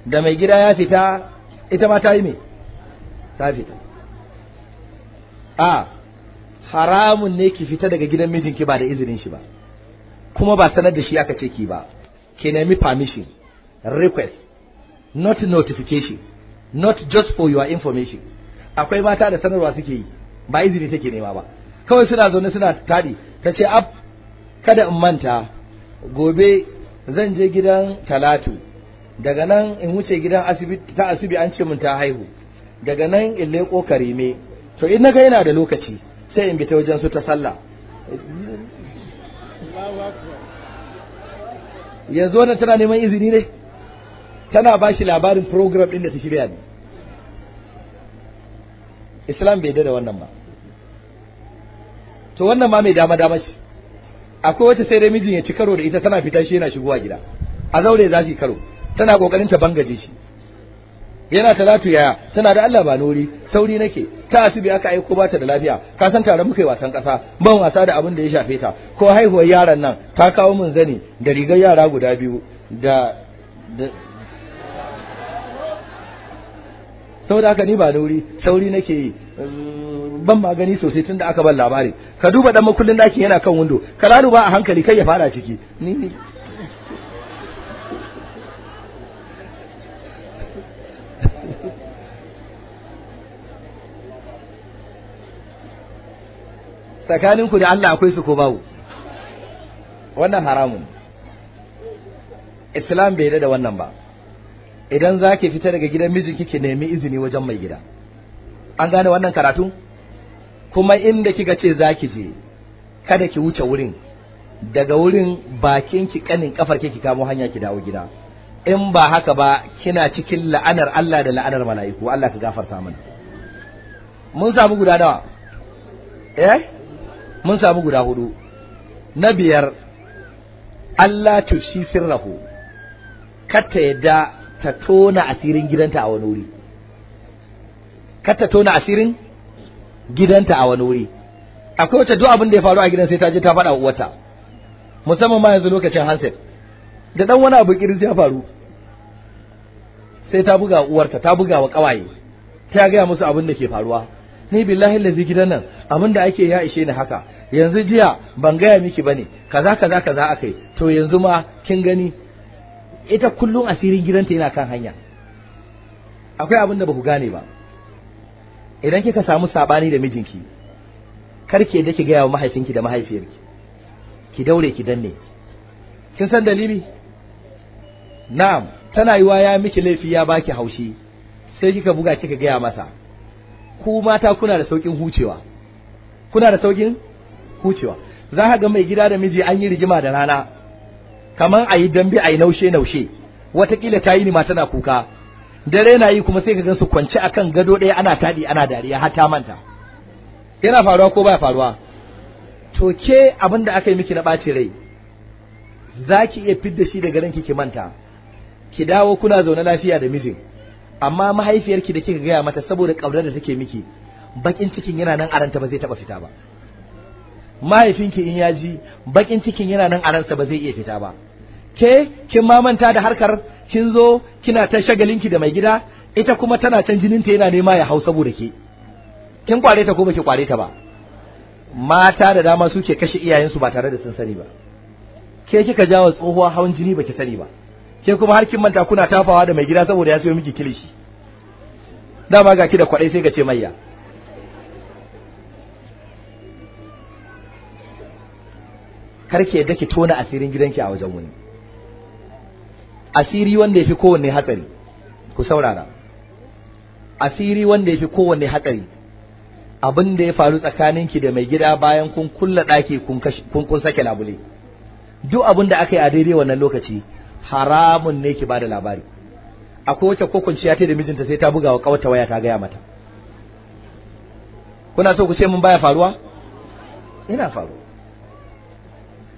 da mai gida ya fita ita ma ta yi me ta fita a haramun ne ki fita daga gidan mijinki ba da izinin shi ba kuma ba sanar da shi aka ce ki ba ke nemi permission request not notification not just for your information akwai mata da sanarwa suke yi ba izini take nema ba kawai suna zaune suna tadi ta ce ab kada in manta gobe zan je gidan talatu daga nan in wuce gidan asibiti ta asibi an ce mun ta haihu daga nan in leko karime to in naga yana da lokaci sai in bi ta wajen su ta sallah yanzu wannan tana neman izini ne tana ba shi labarin program ɗin da ta shirya ne islam bai da wannan ba to wannan ma mai dama dama ce akwai wata sai dai mijin ya ci karo da ita tana fita shi yana shigowa gida a zaure za su yi karo tana kokarin ta bangaje shi yana talatu yaya tana da Allah ba nori sauri nake ta asibi aka aiko ta da lafiya ka san tare muka wasan kasa ban wasa da abin da ya shafe ta ko haihuwar yaran nan ta kawo mun zani da rigar yara guda biyu da saboda haka ni ba nori sauri nake yi ban magani sosai tunda aka ban labari ka duba dan makullin ɗakin yana kan windo ka ba a hankali kai ya fara ciki ni tsakaninku da Allah akwai su ko babu wannan haramun islam bai da wannan ba idan za ki fita daga gidan miji kike nemi izini wajen mai gida an gane wannan karatu kuma inda kika ce za ki je kada ki wuce wurin daga wurin bakin ki kanin kafar ki kamo hanya ki dawo gida in ba haka ba kina cikin la'anar Allah da la'anar mala'iku Allah ka gafarta mana mun samu guda nawa eh mun samu guda hudu na biyar Allah shi sirrahu kata yadda ta tona asirin gidanta a wani wuri kata tona asirin gidanta a wani wuri akwai wacce duk abin da ya faru a gidan sai ta je ta faɗa wata musamman ma yanzu lokacin hanset da dan wani abu kirin ya faru sai ta buga uwarta ta buga wa kawaye ta gaya musu abin da ke faruwa ni billahi lazi gidan nan abinda ake ya ishe ni haka yanzu jiya ban gaya miki bane kaza kaza kaza akai to yanzu ma kin gani ita kullun asirin gidanta yana kan hanya akwai abin da baku gane ba idan kika samu sabani da mijinki karke da ki gaya wa mahaifinki da mahaifiyarki ki daure ki danne kin san dalili na'am tana yiwa ya miki laifi ya baki haushi sai kika buga kika gaya masa ku mata kuna da saukin hucewa kuna da saukin hucewa za ka ga mai gida da miji an yi rigima da rana kaman ayi yi dambe a yi naushe naushe watakila ta yi ni nima tana kuka dare na yi kuma sai ka gansu kwance akan gado ɗaya ana taɗi ana dariya har ta manta yana faruwa ko baya faruwa to ke abin da aka yi miki na ɓaci rai za ki iya fidda shi daga ranki ki manta ki dawo kuna zaune lafiya da mijin amma mahaifiyarki da kika gaya mata saboda ƙaunar da take miki bakin cikin yana nan aranta ba zai taɓa fita ba mahaifinki in yaji bakin cikin yana nan aransa ba zai iya fita ba ke kin mamanta da harkar kin zo kina ta shagalinki da mai gida ita kuma tana can jininta yana nema ya hau saboda ke kin kware ta ko baki kware ta ba mata da dama suke kashe iyayensu ba tare da sun sani ba ke kika jawo tsohuwa hawan jini baki sani ba ke kuma har kin manta kuna tafawa da mai gida saboda ya sayo miki kilishi dama ga ki da kwadai sai ka ce mayya karki yadda ki tona asirin gidanki a wajen wani asiri wanda ya fi kowanne hatsari ku saurara asiri wanda ya fi kowanne hatsari abin da ya faru tsakaninki da mai gida bayan kun kulla daki kun kun sake labule duk abin da aka yi a daidai wannan lokaci haramun ne ki bada labari akwai wacce ko kwanciya ta da mijinta sai ta buga wa kawarta waya ta gaya mata kuna so ku ce mun baya faruwa ina faruwa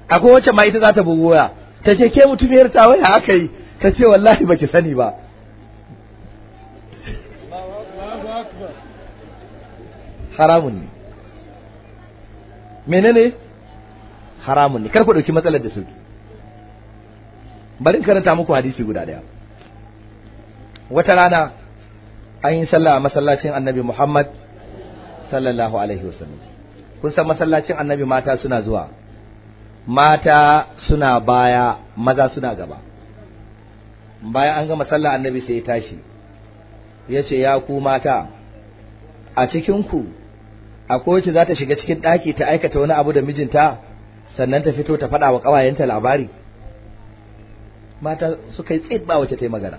akwai wacce ma ita za ta bugu waya ta ce ke mutumiyar ta waya aka yi ta ce wallahi baki sani ba haramun ne menene haramun ne kar ku dauki matsalar da sauki bari karanta muku hadisi guda daya wata rana an yi sallah a masallacin annabi Muhammad sallallahu alaihi wasallam kun san masallacin annabi mata suna zuwa mata suna baya maza suna gaba bayan an gama sallah annabi sai ya tashi ya ce ya ku mata a cikinku akwai wacce za ta shiga cikin ɗaki ta aikata wani abu da mijinta sannan ta fito ta faɗa wa ƙawayenta labari mata suka yi tsit ba wacce ta yi magana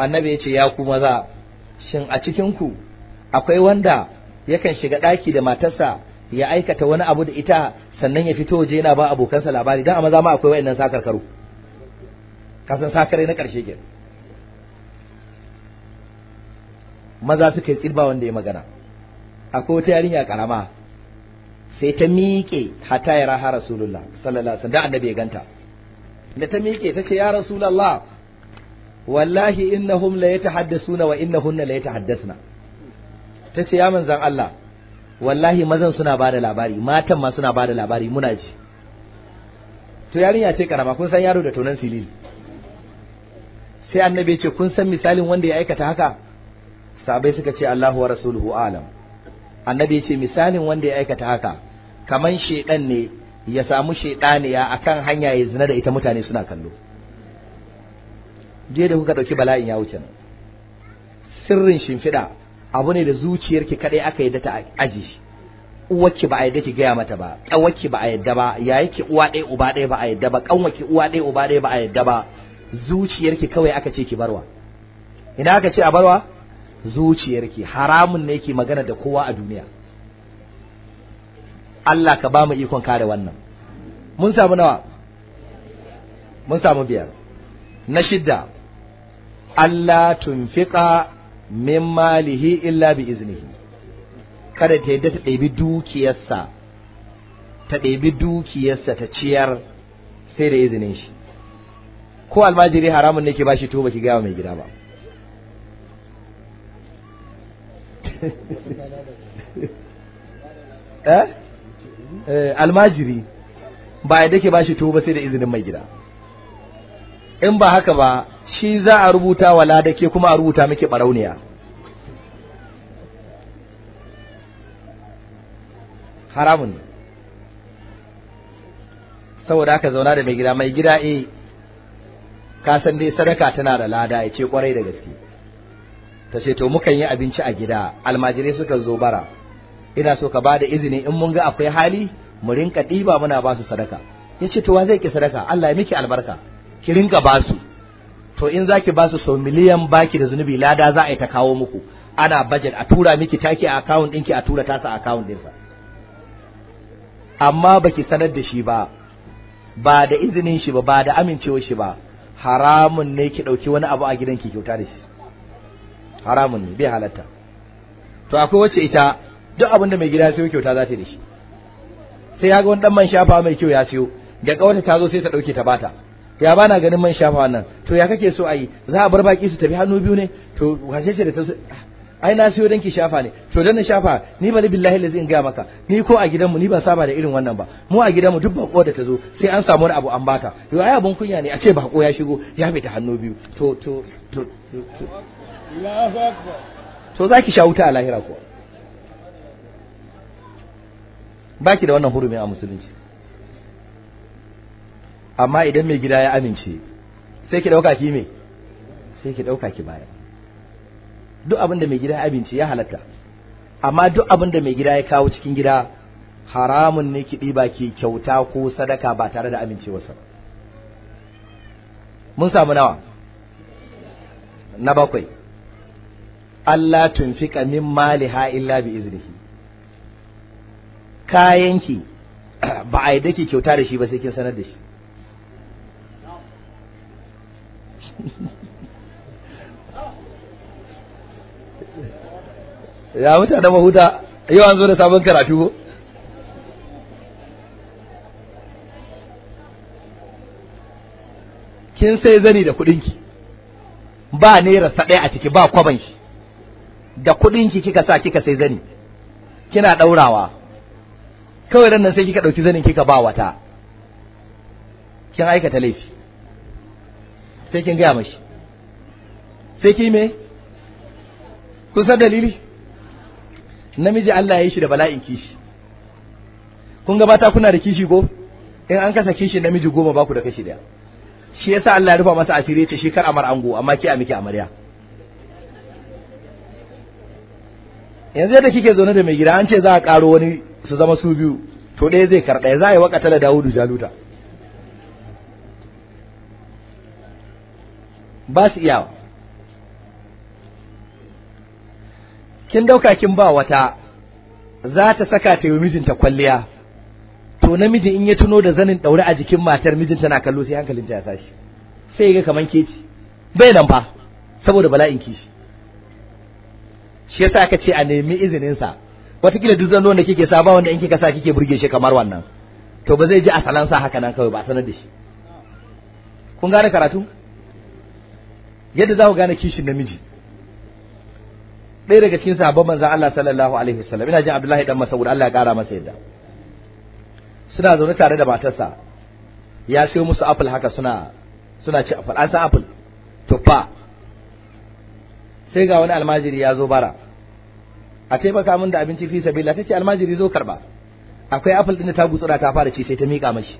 annabi ya ce ya ku maza shin a cikin ku akwai wanda yakan shiga ɗaki da matarsa ya aikata wani abu da ita sannan ya fito waje yana ba abokansa labari dan a maza ma akwai wayannan karo kasan sakare na ƙarshe ke maza suka yi tsirba wanda ya magana akwai wata yarinya karama sai ta miƙe hatta ya raha rasulullah sallallahu alaihi wasallam da annabi ya ganta da ta miƙe ta ce ya rasulallah wallahi innahum la yatahaddasuna wa innahunna la yatahaddasna ta ce ya manzan Allah wallahi mazan suna bada labari matan ma suna bada labari muna ji to yarinya ce karama kun san yaro da tonan silili sai annabi ya ce kun san misalin wanda ya aikata haka sahabbai suka ce Allahu wa rasuluhu alam annabi ya ce misalin wanda ya aikata haka kaman shedan ne ya samu shaidaniya akan hanya ya zina da ita mutane suna kallo je da kuka ɗauki bala'in ya wuce nan sirrin shimfiɗa abu ne da zuciyarki kadai aka yadda ta aji shi ba a yadda ki gaya mata ba ƙanwarki ba a yadda ba ki uwa ɗaya uba ɗaya ba a yadda ba Ƙanwaki uwa ɗaya uba ɗaya ba a yadda ba zuciyarki kawai aka ce ki barwa ina aka ce a barwa zuciyarki haramun ne ki magana da kowa a duniya Allah ka ba mu ikon kare wannan mun samu nawa mun samu biyar na shidda Allah tunfiqa min malihi illa bi iznihi kada ta yadda ta ɗebi dukiyarsa ta ɗebi dukiyarsa ta ciyar sai da izinin shi ko almajiri haramun ne ke bashi to baki gaya mai gida ba (laughs) eh Eh, almajiri ba ya dake bashi tuwo ba sai da izinin mai gida in ba haka ba shi za a rubuta wa ladake kuma a rubuta muke barauniya haramun ne saboda haka zauna da mai gida mai gida eh ka san dai sadaka tana da lada ya ce kwarai da gaske ta ce to mukan yi abinci a gida almajirai suka zo bara ina so ka bada izini in mun ga akwai hali mu rinka ɗiba muna ba su sadaka yace to wa zai ki sadaka Allah ya miki albarka ki rinka ba su to in zaki ba su sau miliyan baki da zunubi lada za a yi ta kawo muku ana budget a tura miki taki a account ɗinki a tura ta sa account sa. amma baki sanar da shi ba ba da izinin shi ba ba da amincewar shi ba haramun ne ki ɗauki wani abu a gidanki kyauta da shi haramun ne bai halatta to akwai wacce ita duk abin da mai gida ya siyo kyauta za ta da shi sai ya ga wani dan man shafa mai kyau ya siyo ga kawata ta zo sai ta dauke ta bata ya na ganin man shafa nan, to ya kake so ayi za a bar baki su tafi hannu biyu ne to wace ce da ta ai na siyo danki shafa ne to dan na shafa ni bari billahi lazi in ga maka ni ko a gidanmu ni ba saba da irin wannan ba mu a gidanmu duk bako da ta zo sai an samu wani abu an bata to ai abun kunya ne a ce bako ya shigo ya fita hannu biyu to to to to zaki sha wuta a lahira ko baki da wannan hurumi a musulunci amma idan mai gida ya amince sai ki dauka ki mai sai ki dauka ki baya duk abin da mai gida ya amince ya halatta amma duk abin da mai gida ya kawo cikin gida haramun ne ki diba ki kyauta ko sadaka ba tare da amincewarsa ba mun samu nawa na bakwai Allah tunfika min maliha illa bi iznihi kayanki (clears throat) ba a yadda ke kyauta da shi ba sai kin sanar da shi (laughs) ya mutane mahuta yau an zo da sabon karatu ko kin sai zani da kudinki ba naira ɗaya a ciki ba kwaban shi da kudinki kika sa kika sai zani kina ɗaurawa. kawai ran nan sai kika ɗauki zanin kika ba wata kin aikata laifi sai kin gaya mashi sai ki me kun san dalili namiji Allah ya yi shi da bala'in kishi kun gabata kuna da kishi ko in an kasa kishi namiji goma ba ku da kashi daya shi yasa Allah ya rufa masa asiri ta shi kar amar ango amma ki a miki amarya yanzu yadda kike zaune da mai gida an ce za a karo wani su zama su biyu to ɗaya zai karɗa za a yi waƙata da dawudu jaluta ba su iya. kin ɗauka kin ba wata za ta saka ta yi mijinta kwalliya to namiji in ya tuno da zanin ɗaure a jikin matar mijinta na kallo sai hankalinta ya tashi sai ga kamar keci bai nan fa saboda bala'in kishi shi yasa aka ce a nemi izininsa watakila duk zannon da kike sa ba wanda in kika sa kike burge shi kamar wannan to ba zai ji a sa haka nan kawai ba sanar da shi kun gane karatu yadda za ku gane kishin namiji ɗaya daga cikin sahabban manzon Allah sallallahu alaihi wasallam ina jin Abdullahi dan Mas'ud Allah ya kara masa yadda suna zaune tare da matarsa ya sayo musu apple haka suna suna ci apple an san apple fa sai ga wani almajiri ya zo bara a taimaka min da abinci fi sabila tace almajiri zo karba akwai apple din da ta gutsura ta fara ci sai ta mika mashi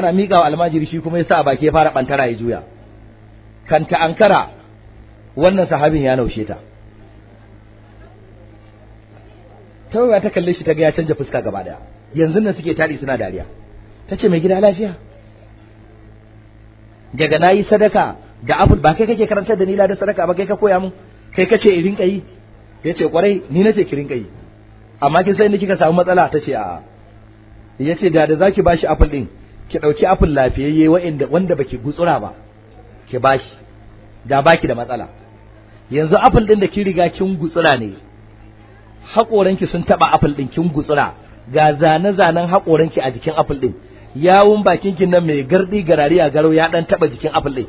ana mika wa almajiri shi kuma ya sa a baki ya fara bantara ya juya kanta ankara wannan sahabin ya naushe ta tawaga ta kalle shi ta ga ya canja fuska gaba daya yanzu nan suke tari suna dariya tace mai gida lafiya daga nayi sadaka da abul ba kai kake karantar da ni lada sadaka ba kai ka koya mun kai kace irin kai Ya ce kwarai ni na ki kirin yi amma kin sai ni kika samu matsala ta ce a ce da da zaki bashi apple din ki dauki apple lafiyayye wanda wanda baki gutsura ba ki bashi da baki da matsala yanzu apple din da kin riga kin gutsura ne hakoranki sun taba apple din kin gutsura ga zane zanen hakoranki a jikin apple din yawun bakin bakinki nan mai gardi garari a garo ya ɗan taba jikin apple din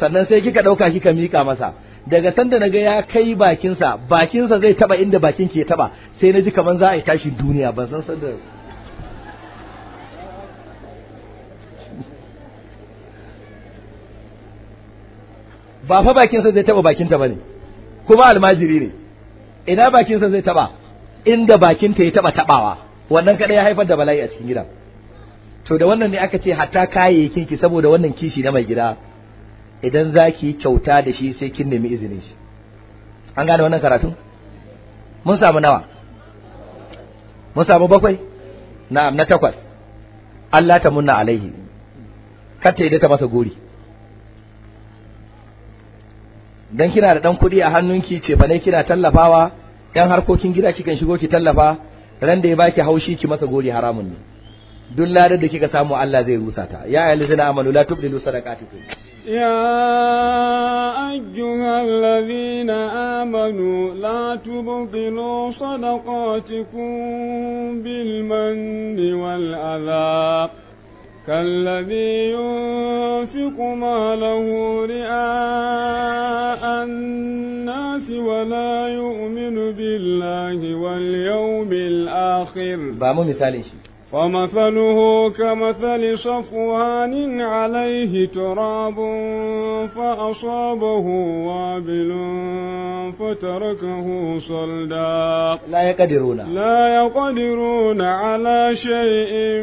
sannan sai kika ɗauka kika mika masa daga sanda ga ya kai bakinsa bakinsa zai taba inda bakin ke taba sai na ji kaman za a yi tashin duniya ban san sanda ba fa bakinsa zai taba bakinta bane kuma almajiri ne ina bakinsa zai taba inda bakinta ya taba tabawa wannan kada ya haifar da bala'i a cikin gidan to da wannan ne aka ce hatta kayayyakin ki saboda wannan kishi na mai gida idan za ki kyauta da shi sai kin nemi izinin shi an gane wannan karatu mun samu nawa mun samu bakwai na'am na takwas Allah ta munna alaihi kar ta yi ta masa gori dan kina da dan kudi a hannunki ce fa ne kina tallafawa yan harkokin gida kikan shigo ki tallafa ran da ya baki haushi ki masa gori haramun ne duk ladar da kika samu Allah zai rusa ta ya ayyuhallazina amanu la tubdilu sadaqatikum يا أيها الذين آمنوا لا تبطلوا صدقاتكم بالمن والأذى كالذي ينفق ماله رئاء الناس ولا يؤمن بالله واليوم الآخر بامو مثالي فمثله كمثل صفوان عليه تراب فأصابه وابل فتركه صلدا لا يقدرون لا يقدرون على شيء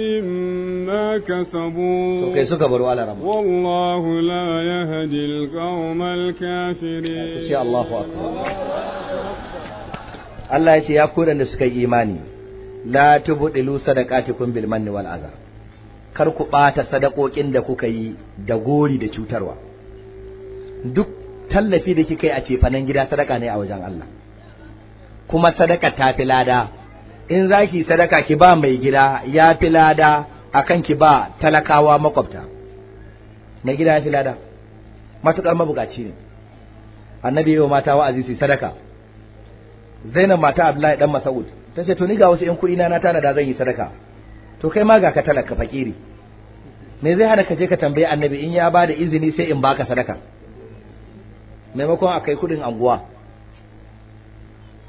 مما كسبوا والله لا يهدي القوم الكافرين الله أكبر الله يتي يا كورن سكي إيماني la tubdilu sadaqatikum bil manni wal adha kar ku bata sadakokin da kuka yi da gori da cutarwa duk tallafi da kika yi a cefanen gida sadaka ne a wajen Allah kuma sadaka ta fi lada in zaki sadaka ki ba mai gida ya fi lada akan ki ba talakawa makwabta mai gida ya fi lada matukar mabukaci ne annabi yau mata wa'azi sadaka zainab mata abdullahi dan mas'ud ta ce to ni ga wasu yan kuɗi na na tana da zan yi sadaka to kai ma ga ka talaka fakiri me zai hana ka je ka tambayi annabi in ya bada izini sai in baka sadaka maimakon a kai kuɗin anguwa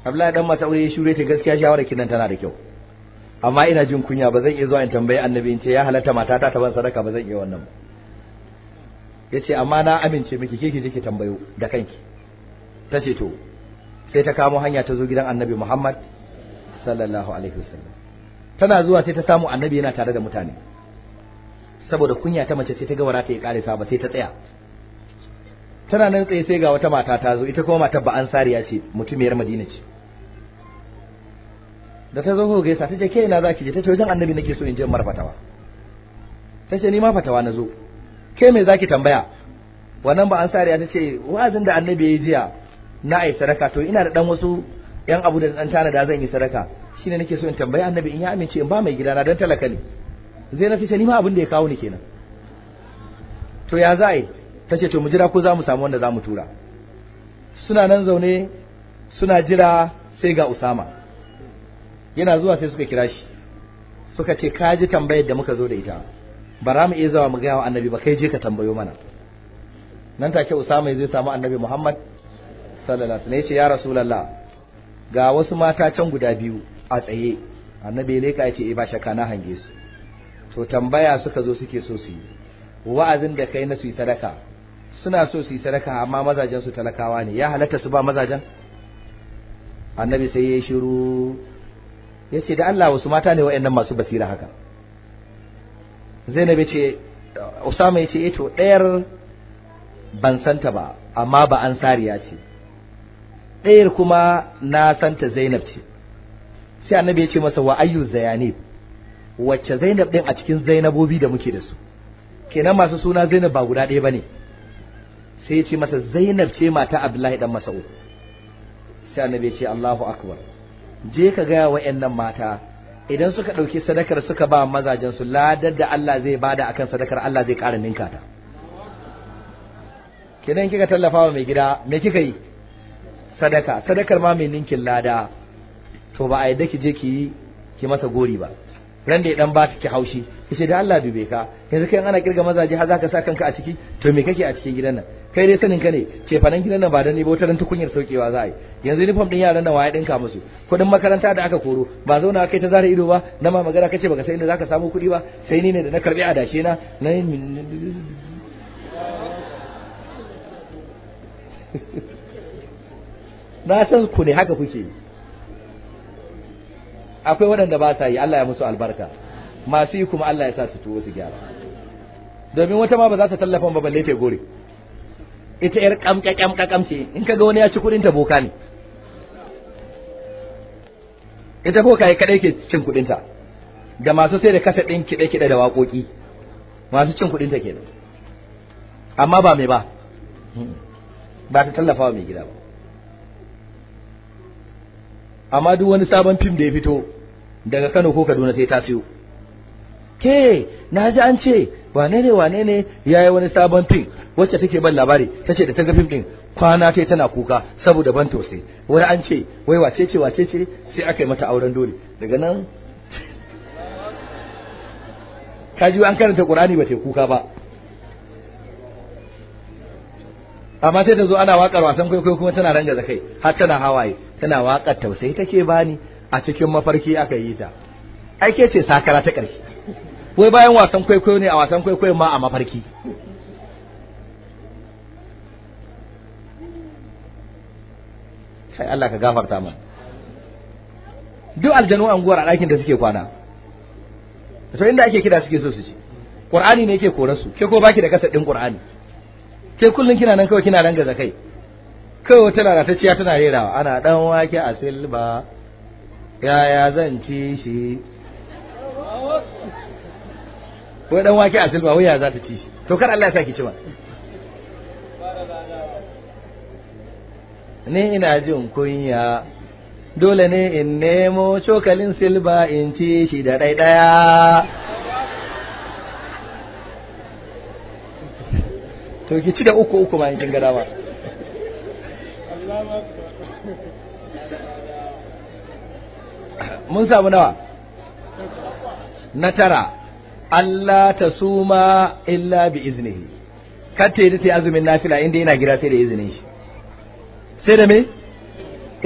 Abdullahi dan Mas'ud ya shure ta gaskiya shawara kinan tana da kyau amma ina jin kunya ba zan iya zuwa in tambayi annabi in ce ya halatta matata ta ban sadaka ba zan iya wannan ba yace amma na amince miki kike je ki tambayo da kanki tace to sai ta kamo hanya ta zo gidan annabi Muhammad sallallahu alaihi wasallam tana zuwa sai ta samu annabi yana tare da mutane saboda kunya ta mace sai ta ga wara ta yi karisa ba sai ta tsaya tana nan tsaye sai ga wata mata ta zo ita kuma matar ba ansariya ce mutumiyar madina ce da ta zo ko gaisa ta ce ke ina zaki je ta ce wajen annabi nake so in je mar fatawa ta ce ni ma fatawa na zo ke me zaki tambaya wannan ba ansariya ta ce wa'azin da annabi ya yi jiya na ai sadaka to ina da dan wasu yan abu da dan tana da zan yi sadaka shine nake so in tambayi annabi in ya amince in ba mai gidana dan talaka ne Zainab ta ce ni ma abin da ya kawo ni kenan to ya zai tace to mu jira ko za mu samu wanda za mu tura suna nan zaune suna jira sai ga Usama yana zuwa sai suka kira shi suka ce ka ji tambayar da muka zo da ita ba za mu iya zawa mu gaya wa annabi ba kai je ka tambayo mana nan take Usama zai samu annabi Muhammad sallallahu alaihi wasallam ya ce ya rasulullah ga wasu mata can guda biyu a tsaye annabi ya leka ya ce eh, ba shakka na hange su to tambaya suka zo suke so su yi wa'azin da kai na su yi sadaka suna so su yi sadaka amma mazajen su talakawa ne ya halatta su ba mazajen annabi sai ya shiru ya da Allah wasu mata ne wa'annan masu basira haka Zainab ce Usama ya ce eh, to ɗayar ban santa ba amma ba ansariya ce ɗayar kuma na santa Zainab ce sai annabi ya ce masa wa ayyu zayanib wacce Zainab ɗin a cikin Zainabobi da muke da su kenan masu suna Zainab ba guda ɗaya bane sai ya ce masa Zainab ce mata Abdullahi dan Mas'ud sai annabi ya ce Allahu akbar je ka ga wayannan mata idan suka ɗauki sadakar suka ba mazajen su ladar da Allah zai bada akan sadakar Allah zai ƙara ninka ta kenan kika tallafa wa mai gida me kika yi sadaka sadakar ma mai ninkin lada to ba a yadda ki je ki yi ki masa gori ba ran da ya dan ba ki haushi kace da Allah dube ka yanzu kai ana kirga mazaje har zaka sa kanka a ciki to me kake a cikin gidan nan kai dai sanin ka ne ce fanan gidan nan ba da ne ba wata tukunyar saukewa za a yi yanzu uniform din yaran nan waye dinka musu kudin makaranta da aka koro ba zauna kai ta zara ido ba na ma magana kace baka sai inda zaka samu kuɗi ba sai ni ne da na karbi dashe na na na san ku ne haka kuke akwai waɗanda ba sa yi Allah ya musu albarka masu yi kuma Allah ya sa su tuwo su gyara domin wata ma ba za ta tallafa ba balle ta gore ita yar kamkakam kakam ce in kaga wani ya ci kudin ta boka ne ita boka kaɗai ke cin kudin ta da masu sai da kasa ɗin kiɗe-kiɗe da waƙoƙi masu cin kudin ta kenan amma ba mai ba hmm. ba ta tallafa wa mai gida ba amma duk wani sabon fim da ya fito daga Kano ko Kaduna sai ta siyo ke na ji an ce wane ne wane ne yayi wani sabon fim wacce take ban labari tace da ta ga fim din kwana tai tana kuka saboda ban tausayi wani an ce wai wace ce wace ce sai aka yi mata auren dole daga nan (laughs) ka ji an karanta Qur'ani ba ta kuka ba amma sai ta zo ana waƙar wasan kai kuma tana ranga kai har tana hawaye tana waƙar tausayi take bani a cikin mafarki aka yi ta ke ce sakara ta ƙarshe wai bayan wasan kwaikwayo ne a wasan kwaikwayo ma a mafarki sai Allah ka gafarta mana duk aljanu anguwar a ɗakin da suke kwana to inda ake kira suke so su ci qur'ani ne yake korar su ke ko baki da kasa din qur'ani ke kullun kina nan kawai kina nan ga zakai kawai wata lalatacciya tana rerawa ana dan wake a silba yaya zan ci shi ko dan wake a silba waya za ta ci shi to kar Allah ya saki ci ne ni ina jin kunya dole ne in nemo cokalin silba in ci shi da ɗaiɗaya. To ki ci da uku uku ma in kin gada ba. mun samu nawa na tara Allah ta suma illa bi iznihi katta yi ta azumin nafila inda yana gida sai da izinin shi sai da me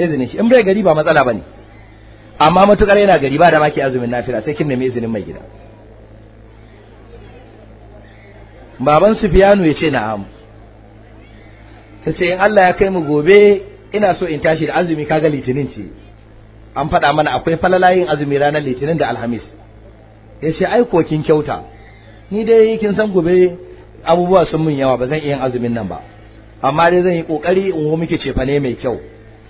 izinin shi in bai gari ba matsala bane amma matukar yana gari ba da ma ke azumin nafila sai kin nemi izinin mai gida baban Sufiyanu ya ce na'am ta ce in Allah ya kai mu gobe ina so in tashi da azumi kaga litinin ce an faɗa mana akwai falalayin azumi ranar litinin da alhamis ya ce ai kyauta ni dai kin san gobe abubuwa sun mun yawa ba zan iya azumin nan ba amma dai zan yi kokari in ho miki cefane mai kyau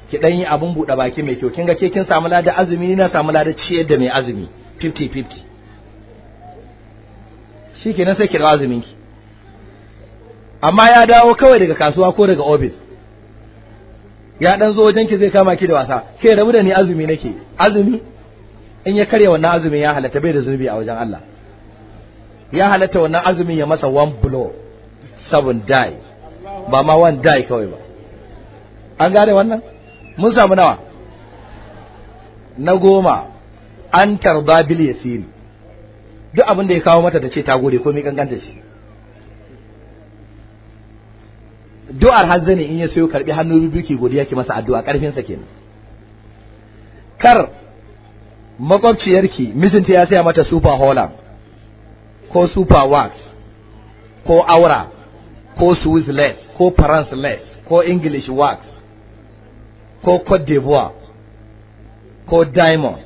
ki dan yi abun buɗe baki mai kyau kin ga ke kin samu ladan azumi ni na samu ladan ciyar da mai azumi 50 50 shikenan sai ki azumin ki amma ya dawo kawai daga kasuwa ko daga ofis. ya dan zo wajenki zai kama ki da wasa ke rabu da ni azumi nake azumi in ya karya wannan azumin ya halatta bai da zunubi a wajen Allah ya halatta wannan azumin ya masa one blow seven die ba ma one die kawai ba an gane wannan mun samu nawa na goma an tarba bil yasiri duk abin da ya kawo mata da ce ta gode ko mai kankanta shi du'ar hanzani in ya sayo karbi hannu biyu ke godiya ki masa addu'a karfin sa kenan kar makwabciyarki mijinta ya saya mata super hola ko super wax ko aura ko swiss lace ko france lace ko english wax ko cote d'ivoire ko diamond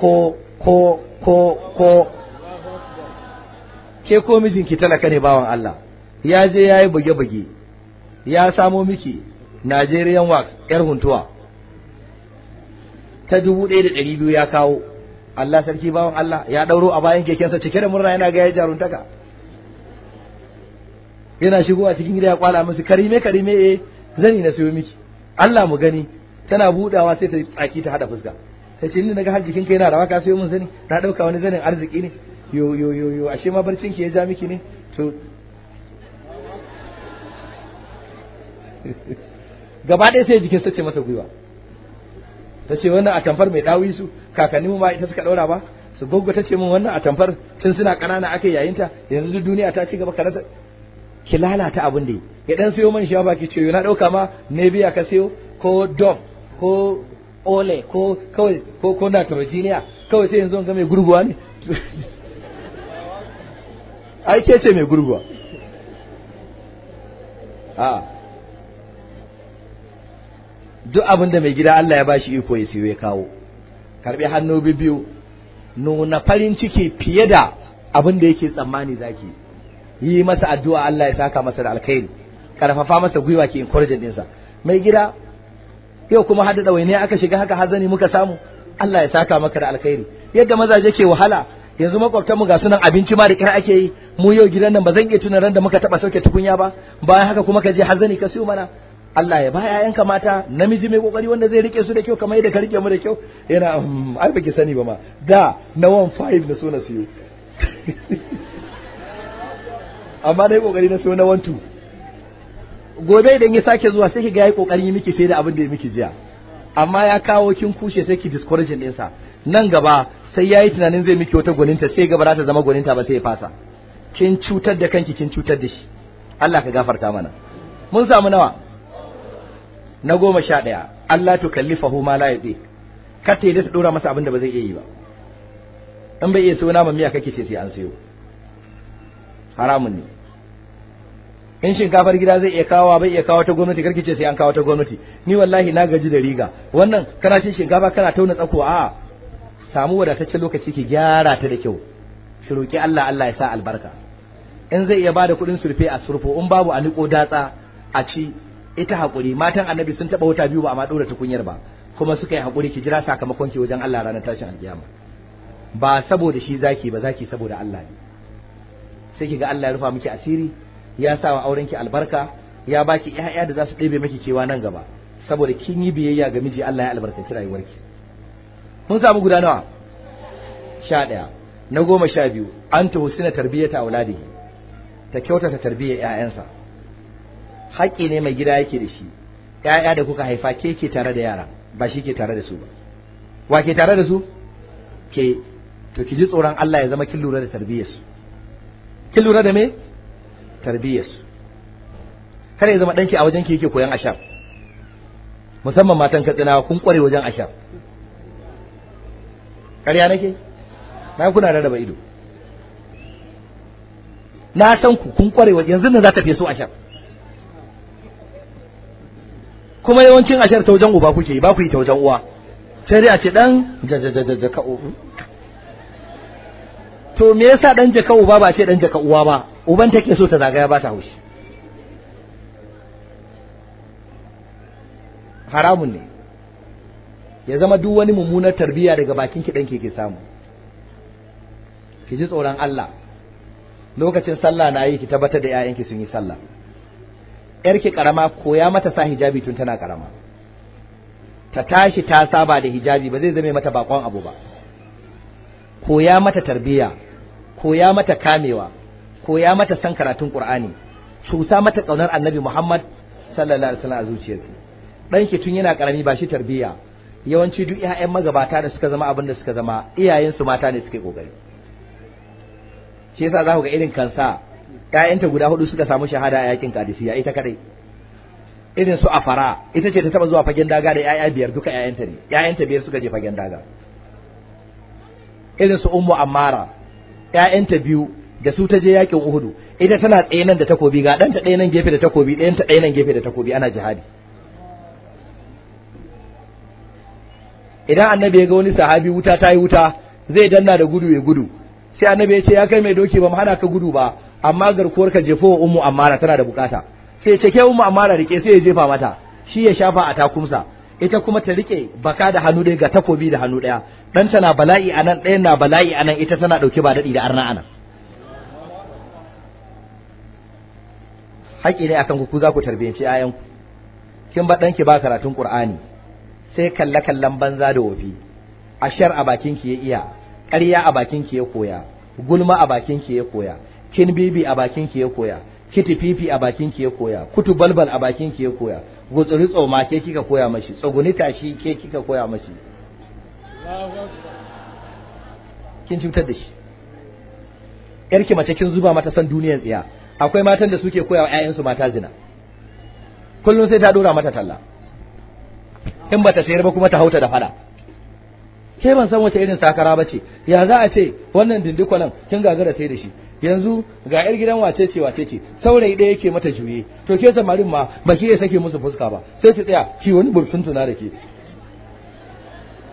ko ko ko ko ke ko mijinki talaka ne bawan Allah ya je ya yi buge-buge ya samo miki Nigerian wax yar huntuwa ta dubu ɗaya da ɗari biyu ya kawo Allah sarki bawon Allah ya ɗauro a bayan sa cike da murna yana ga ya jaruntaka yana a cikin gida ya kwala musu karime karime eh zani na sayo miki Allah mu gani tana budawa sai ta tsaki ta hada fuska ta ce ni naga har jikin kai na rawa ka sayo mun zani na dauka wani zanin arziki ne yo yo yo yo ashe ma barcin ki ya ja miki ne to (laughs) gaba ɗaya sai jikin sace masa gwiwa ta ce wannan a tamfar mai ɗawi su kakanni mu ma ita suka ɗaura ba su goggo ta ce min wannan a tamfar tun suna ƙanana aka yayin ta yanzu duniya ta ci gaba ka rasa ki lalata abin da ya dan siyo man shafa ki ce na ɗauka ma ne biya ka siyo ko dom ko ole ko kawai ko ko tarjiniya kawai sai yanzu ga mai gurguwa ne (laughs) ai ke ce mai gurguwa a duk abin da mai gida Allah ya ba shi iko ya siyo ya kawo karbi hannu biyu nuna farin ciki fiye da abin da yake tsammani zaki yi masa addu'a Allah ya saka masa da alkhairi karfafa masa gwiwa ke encourage din sa mai gida yau kuma hada da waine aka shiga haka hazani muka samu Allah ya saka maka da alkhairi yadda mazaje ke wahala yanzu mu ga sunan abinci ma da kira ake yi mu yau gidan nan ba zan iya tunan ran da muka taba sauke tukunya ba bayan haka kuma ka je hazani ka siyo mana Allah ya ba yayanka mata namiji mai kokari wanda zai rike su da kyau kamar yadda ka rike mu da kyau yana hmm, ai baki sani ba ma da na 15 na so na siyo (laughs) amma dai kokari na so na 12 gobe idan ya sake zuwa sai ki ga yayi kokari miki sai da abin da ya miki jiya amma ya kawo kin kushe sai ki discouraging din sa nan gaba sai yayi tunanin zai miki wata gwaninta sai gaba za ta zama gwaninta ba sai ya fasa kin cutar da kanki kin cutar da shi Allah ka gafarta mana mun samu nawa na goma sha ɗaya Allah to kallifahu ma la yazi kar ta yi ta dora masa abin da ba zai iya yi ba in bai iya siyo naman miya kake ce sai an siyo haramun ne in shinkafar gida zai iya kawo bai iya kawo ta gwamnati karki ce sai an kawo ta gwamnati ni wallahi na gaji da riga wannan kana cin shinkafa kana tauna tsako a samu wadataccen lokaci ki gyara ta da kyau ki Allah Allah ya sa albarka in zai iya bada kuɗin surfe a surfo in babu a niko datsa a ci ita hakuri matan annabi sun taba wuta biyu ba amma dora tukunyar ba kuma suka yi hakuri ki jira sakamakon ki wajen Allah ranar tashin alkiyama ba saboda shi zaki ba zaki saboda Allah ne sai ki ga Allah ya rufa miki asiri ya sa wa auren ki albarka ya baki ƴaƴa da za su ɗebe miki cewa nan gaba saboda kin yi biyayya ga miji Allah ya albarkaci ki mun samu guda nawa sha ɗaya na goma sha biyu an tuhusina tarbiyyata auladihi ta kyautata tarbiyyar ƴaƴansa haƙƙi ne mai gida yake da shi ƴaƴa da kuka haifa ke ke tare da yara ba shi ke tare da su ba wa ke tare da su ke to ki ji tsoron Allah ya zama kin lura da tarbiyyar su kin lura da me tarbiyyar su kada ya zama danki a wajen ki yake koyan ashar musamman matan katsinawa kun kware wajen ashar ƙarya nake bayan kuna rarraba ido na san ku kun kware yanzu nan za ta fi so ashar kuma yawancin ashar ta wajen uba kuke ba ku yi ta wajen uwa sai dai a ce dan jaka to me yasa dan jaka uba ba ce dan jaka uwa ba uban take so ta zagaya ba ta haushi haramun ne ya zama duk wani mummunar tarbiyya daga bakin ki danki ke samu ki ji tsoron Allah lokacin sallah na yi ki tabbatar da 'ya'yanki sun yi sallah yarke karama koya mata sa hijabi tun tana karama ta tashi ta saba da hijabi ba zai zame mata bakon abu ba koya mata tarbiyya koya mata kamewa koya mata san karatun qur'ani cusa mata kaunar annabi muhammad sallallahu alaihi wasallam a zuciyarki dan ki tun yana karami ba shi tarbiyya yawanci duk ƴaƴan magabata da suka zama abin da suka zama iyayensu mata ne suke kokari shi yasa za ku ga irin kansa ƴaƴanta guda hudu suka samu shahada a yakin kadisiya ita kadai irin su afara ita ce ta taba zuwa fagen daga da ƴaƴa biyar duka ƴaƴanta ne ƴaƴanta biyar suka je fagen daga irin su ummu ammara ƴaƴanta biyu da su ta je yakin uhudu ita tana tsaye da takobi ga ɗanta ɗaya nan gefe da takobi ɗayanta ɗayanan ɗaya nan gefe da takobi ana jihadi idan annabi ya ga wani sahabi wuta ta yi wuta zai danna da gudu ya gudu sai annabi ya ce ya kai mai doki ba mu hana ka gudu ba amma garkuwar ka jefo wa ummu amara tana da bukata sai ce ke ummu amara rike sai ya jefa mata shi ya shafa a takumsa ita kuma ta rike baka da hannu daya ga takobi da hannu daya dan tana bala'i anan ɗayan na bala'i anan ita tana ɗauki ba daɗi da arna anan haƙi ne akan ku za ku tarbiyanci ku kin ba ki ba karatun Qur'ani sai kalla kallan banza da wofi ashar a bakin ki ya iya ƙarya a bakin ki ya koya gulma a bakin ki ya koya kin bibi a bakin ki ya koya kiti fifi a bakin ki ya koya kutu balbal a bakin ki ya koya gutsuri tsoma ke kika koya mashi tsoguni tashi ke kika koya mashi kin cutar da shi yarki mace kin zuba mata san duniyar tsiya akwai matan da suke koya wa ƴaƴansu mata zina kullum sai ta dora mata talla in bata sayar ba kuma ta hauta da fada ke ban san wace irin sakara ba ce ya za a ce wannan dindikwalan kin gagara sai da shi yanzu ga yar gidan wace ce wace ce saurayi ɗaya yake mata juye to ke samarin ma ba ki iya sake musu fuska ba sai ki tsaya ki wani burfin tuna da ke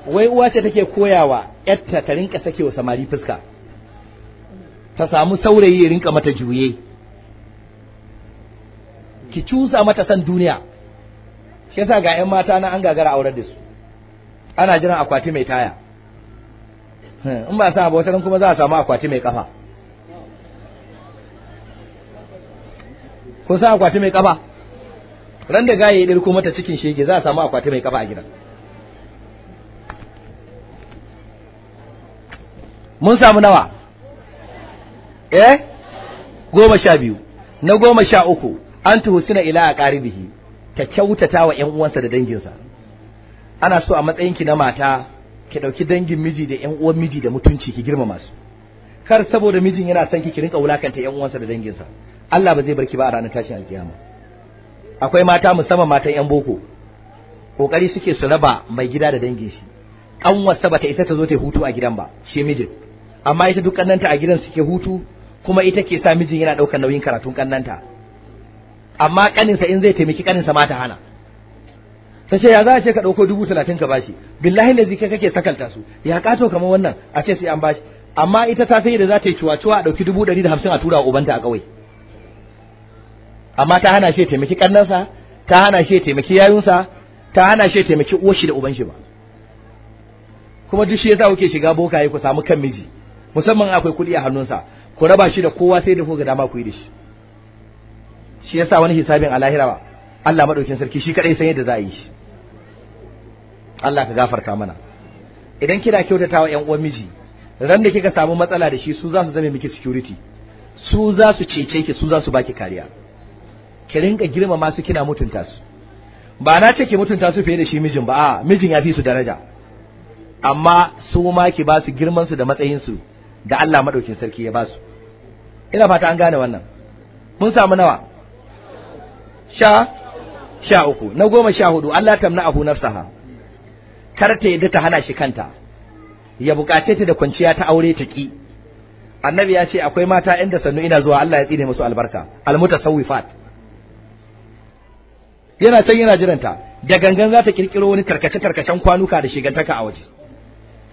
wai uwa ce take koyawa yarta ta rinka sakewa samari fuska ta samu saurayi ya rinka mata juye ki cusa mata san duniya ke yasa ga ƴan mata na an gagara aurar da su ana jiran akwati mai taya hmm, in ba sa ba wata kuma za a samu akwati mai kafa kun san akwati mai kafa ran da gaye ya dirko mata cikin shege za a samu akwati mai kafa a gidan mun samu nawa eh goma sha biyu na goma sha uku an tuhusina ila a ƙaribihi ta kyautata wa ‘yan uwansa da danginsa ana so a matsayin ki na mata ki ɗauki dangin miji da ‘yan uwan miji da mutunci ki girmama su kar saboda mijin yana son ki ki rinka wulakanta ‘yan uwansa da danginsa Allah ba zai barki ba a ranar tashin alkiyama akwai mata musamman matan yan boko kokari suke su raba mai gida da dangin shi kanwarsa bata ita ta zo ta hutu a gidan ba shi mijin amma ita duk kannanta a gidan suke hutu kuma ita ke sa mijin yana daukar nauyin karatun kannanta amma kaninsa in zai taimaki kaninsa ma ta hana ta ce ya za a ce ka ɗauko dubu talatin ka bashi billahi da zika kake sakalta su ya kato kamar wannan a ce sai an bashi amma ita ta sai da za ta yi cuwa-cuwa a ɗauki dubu ɗari da hamsin a tura wa ubanta a ƙauye amma ta hana shi taimaki kannansa ta hana shi taimaki yayunsa ta hana shi taimaki uwarshi da uban shi ba kuma duk shi yasa kuke shiga bokaye ku samu kan miji musamman akwai kuɗi a hannunsa ku raba shi da kowa sai da ku ga dama ku yi da shi shi yasa wani hisabin a lahira ba Allah madaukin sarki shi kadai san yadda za a yi shi Allah ka gafarta mana idan kina kyautatawa ƴan uwan miji ran da kika samu matsala da shi su za su zame miki security su za su cece ki su za su baki kariya ki rinka girmama su kina mutunta su ba na ce ki mutunta su fiye da shi mijin ba a mijin ya fi su daraja amma su ma ki ba su girman su da matsayin su da Allah madaukin sarki ya ba su ina fata an gane wannan mun samu nawa sha sha uku na goma sha hudu Allah tamna abu nafsaha kar ta yadda ta hana shi kanta ya bukace ta da kwanciya ta aure ta ki annabi ya ce akwai mata inda sannu ina zuwa Allah ya tsine musu albarka almutasawifat yana can yana jiranta da gangan za ta kirkiro wani tarkace-tarkacen kwanuka da shigantaka a waje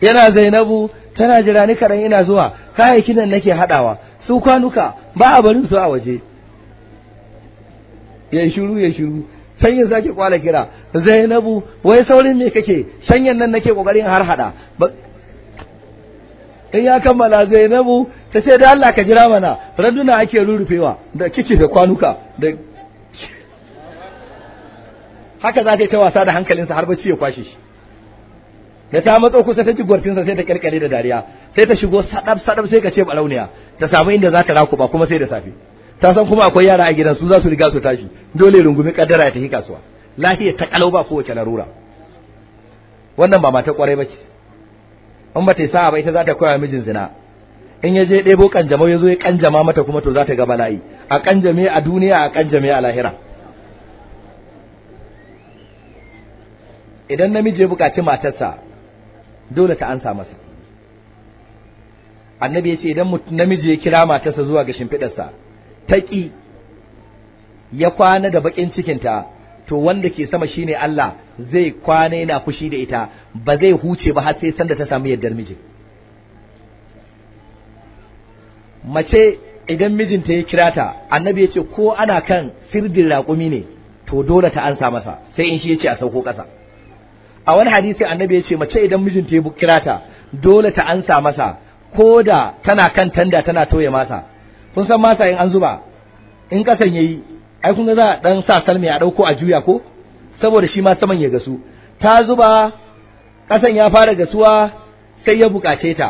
yana Zainabu tana jira ni karan ina zuwa kayayyakin nan nake haɗawa su kwanuka ba a barin su a waje ya shiru ya shiru sanyin zaki kwala kira Zainabu wai saurin me kake sanyan nan nake kokarin har hada in ya kammala Zainabu ta ce da Allah ka jira mana raduna ake rurrufewa da kici da kwanuka da haka za ka yi ta wasa da hankalinsa har bacci ya kwashe shi da ta matso kusa ta ji gwarfinsa sai ta kirkire da dariya sai ta shigo sadab sadab sai ka ce balauniya ta samu inda za ta rakuba kuma sai da safe ta san kuma akwai yara a gidan su za su riga su tashi dole rungumi kaddara ya tafi kasuwa lafiya ta kalau ba kowace larura wannan ba mata kwarai bace in ba ta sa'a ba ita za ta koya mijin zina in ya je ɗebo kanjamau ya zo ya kanjama mata kuma to za ta ga bala'i a kanjame a duniya a kanjame a lahira idan namiji ya bukaci matarsa dole ta ansa masa annabi ya ce idan namiji ya kira matarsa zuwa ga shimfiɗarsa ta ƙi ya kwana da baƙin cikinta to wanda ke sama shine Allah zai kwana yana fushi da ita ba zai huce ba har sai sanda ta samu yardar miji mace idan mijinta ya kira ta annabi ya ce ko ana kan sirdin raƙumi ne to dole ta ansa masa sai in shi ya ce a sauko ƙasa a wani hadisi annabi ya ce mace idan mijinta ya kira ta dole ta ansa masa ko da tana kan tanda tana toye masa kun san masa in an zuba in kasan yayi ai kun ga za dan sa salmi a dauko a juya ko saboda shi ma saman ya gasu ta zuba kasan ya fara gasuwa sai ya bukace ta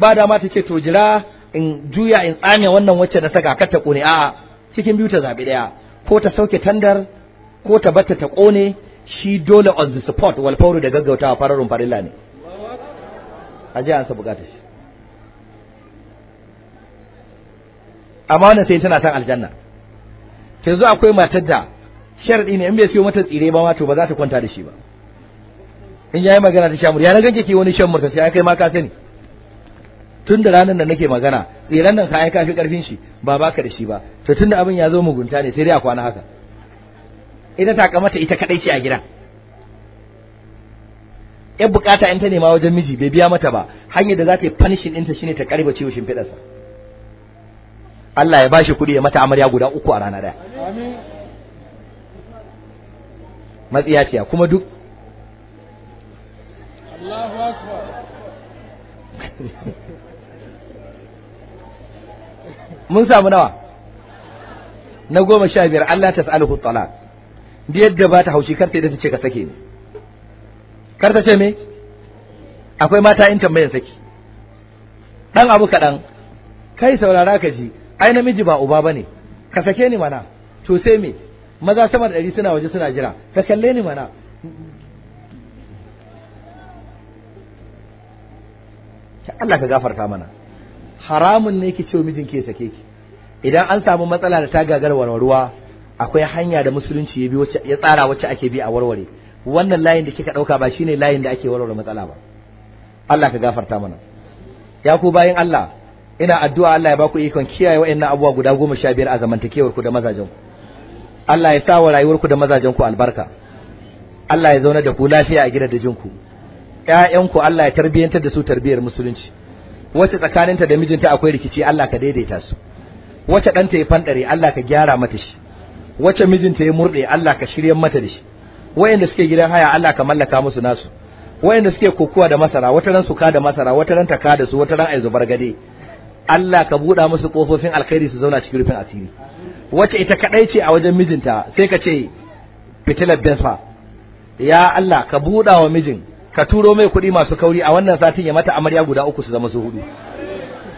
ba dama ta ce to jira in juya in tsame wannan wacce na saka kar ta kone a'a cikin biyu ta zabi daya ko ta sauke tandar ko ta bata ta kone shi dole on the spot wal fauru da gaggautawa fararun farilla ne aje an sa bukatar shi amma wannan sai tana san aljanna zuwa akwai matar da sharadi ne in bai siyo mata tsire ba ma to ba za ta kwanta da shi ba in yayi magana ta shamur ya na ganke ke wani shamur ta sai kai ma ka sani tun da ranar da nake magana tsiran nan ka fi karfin shi ba baka da shi ba to tunda abin ya zo mugunta ne sai dai a kwana haka ita ta mata ita kadai ce a gidan ya bukata in ta nema wajen miji bai biya mata ba hanyar da za ta yi punishing ɗinta shine ta karba ciwo shimfiɗarsa Allah ya bashi kuɗi ya mata amarya guda uku a rana ɗaya matsiyaciya kuma duk mun samu nawa na goma sha biyar Allah ta sa'alhu talaq da yadda ba ta haushi karta idan ta ce ka sake ni karta ce me akwai mata in tambayan saki dan abu kaɗan kai saurara ka ji ai namiji ba uba bane ka sake ni mana to sai me maza sama da ɗari suna waje suna jira ka kalle ni mana ta Allah ka gafarta mana haramun ne ki ce mijin ke sake ki idan an samu matsala da ta gagarwar ruwa akwai hanya da musulunci ya bi wacce ya tsara wacce ake bi a warware wannan layin da kika dauka ba shine layin da ake warware matsala ba Allah ka gafarta mana ya ku bayin Allah ina addu'a Allah ya baku ikon kiyaye wayannan abubuwa guda goma sha biyar a zamantakewar ku da mazajen ku Allah ya sa wa rayuwar ku da mazajen ku albarka Allah ya zauna da ku lafiya a gidajen ku ƴaƴan ku Allah ya tarbiyantar da su tarbiyar musulunci wacce tsakaninta da mijinta akwai rikici Allah ka daidaita su wacce ɗanta ya fandare Allah ka gyara mata shi wacce mijinta ya murde Allah ka shirye mata da shi wayanda suke gidan haya Allah ka mallaka musu nasu wayanda suke kokuwa da masara wata ran su ka da masara wata ran ta ka da su wata ran ai zubar gade Allah ka buɗa musu kofofin alkhairi su zauna cikin rufin asiri wacce ita kadai ce a wajen mijinta sai ka ce fitilar besfa ya Allah ka buɗa wa mijin ka turo mai kuɗi masu kauri a wannan satin ya mata amarya guda uku su zama su hudu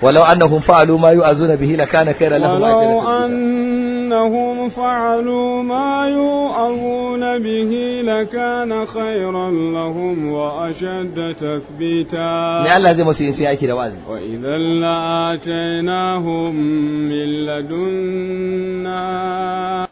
walau annahum fa'alu ma yu'azuna bihi lakana khairan lahum ajran أنهم فعلوا ما يؤرون به لكان خيرا لهم وأشد تثبيتا وإذا لآتيناهم من لدنا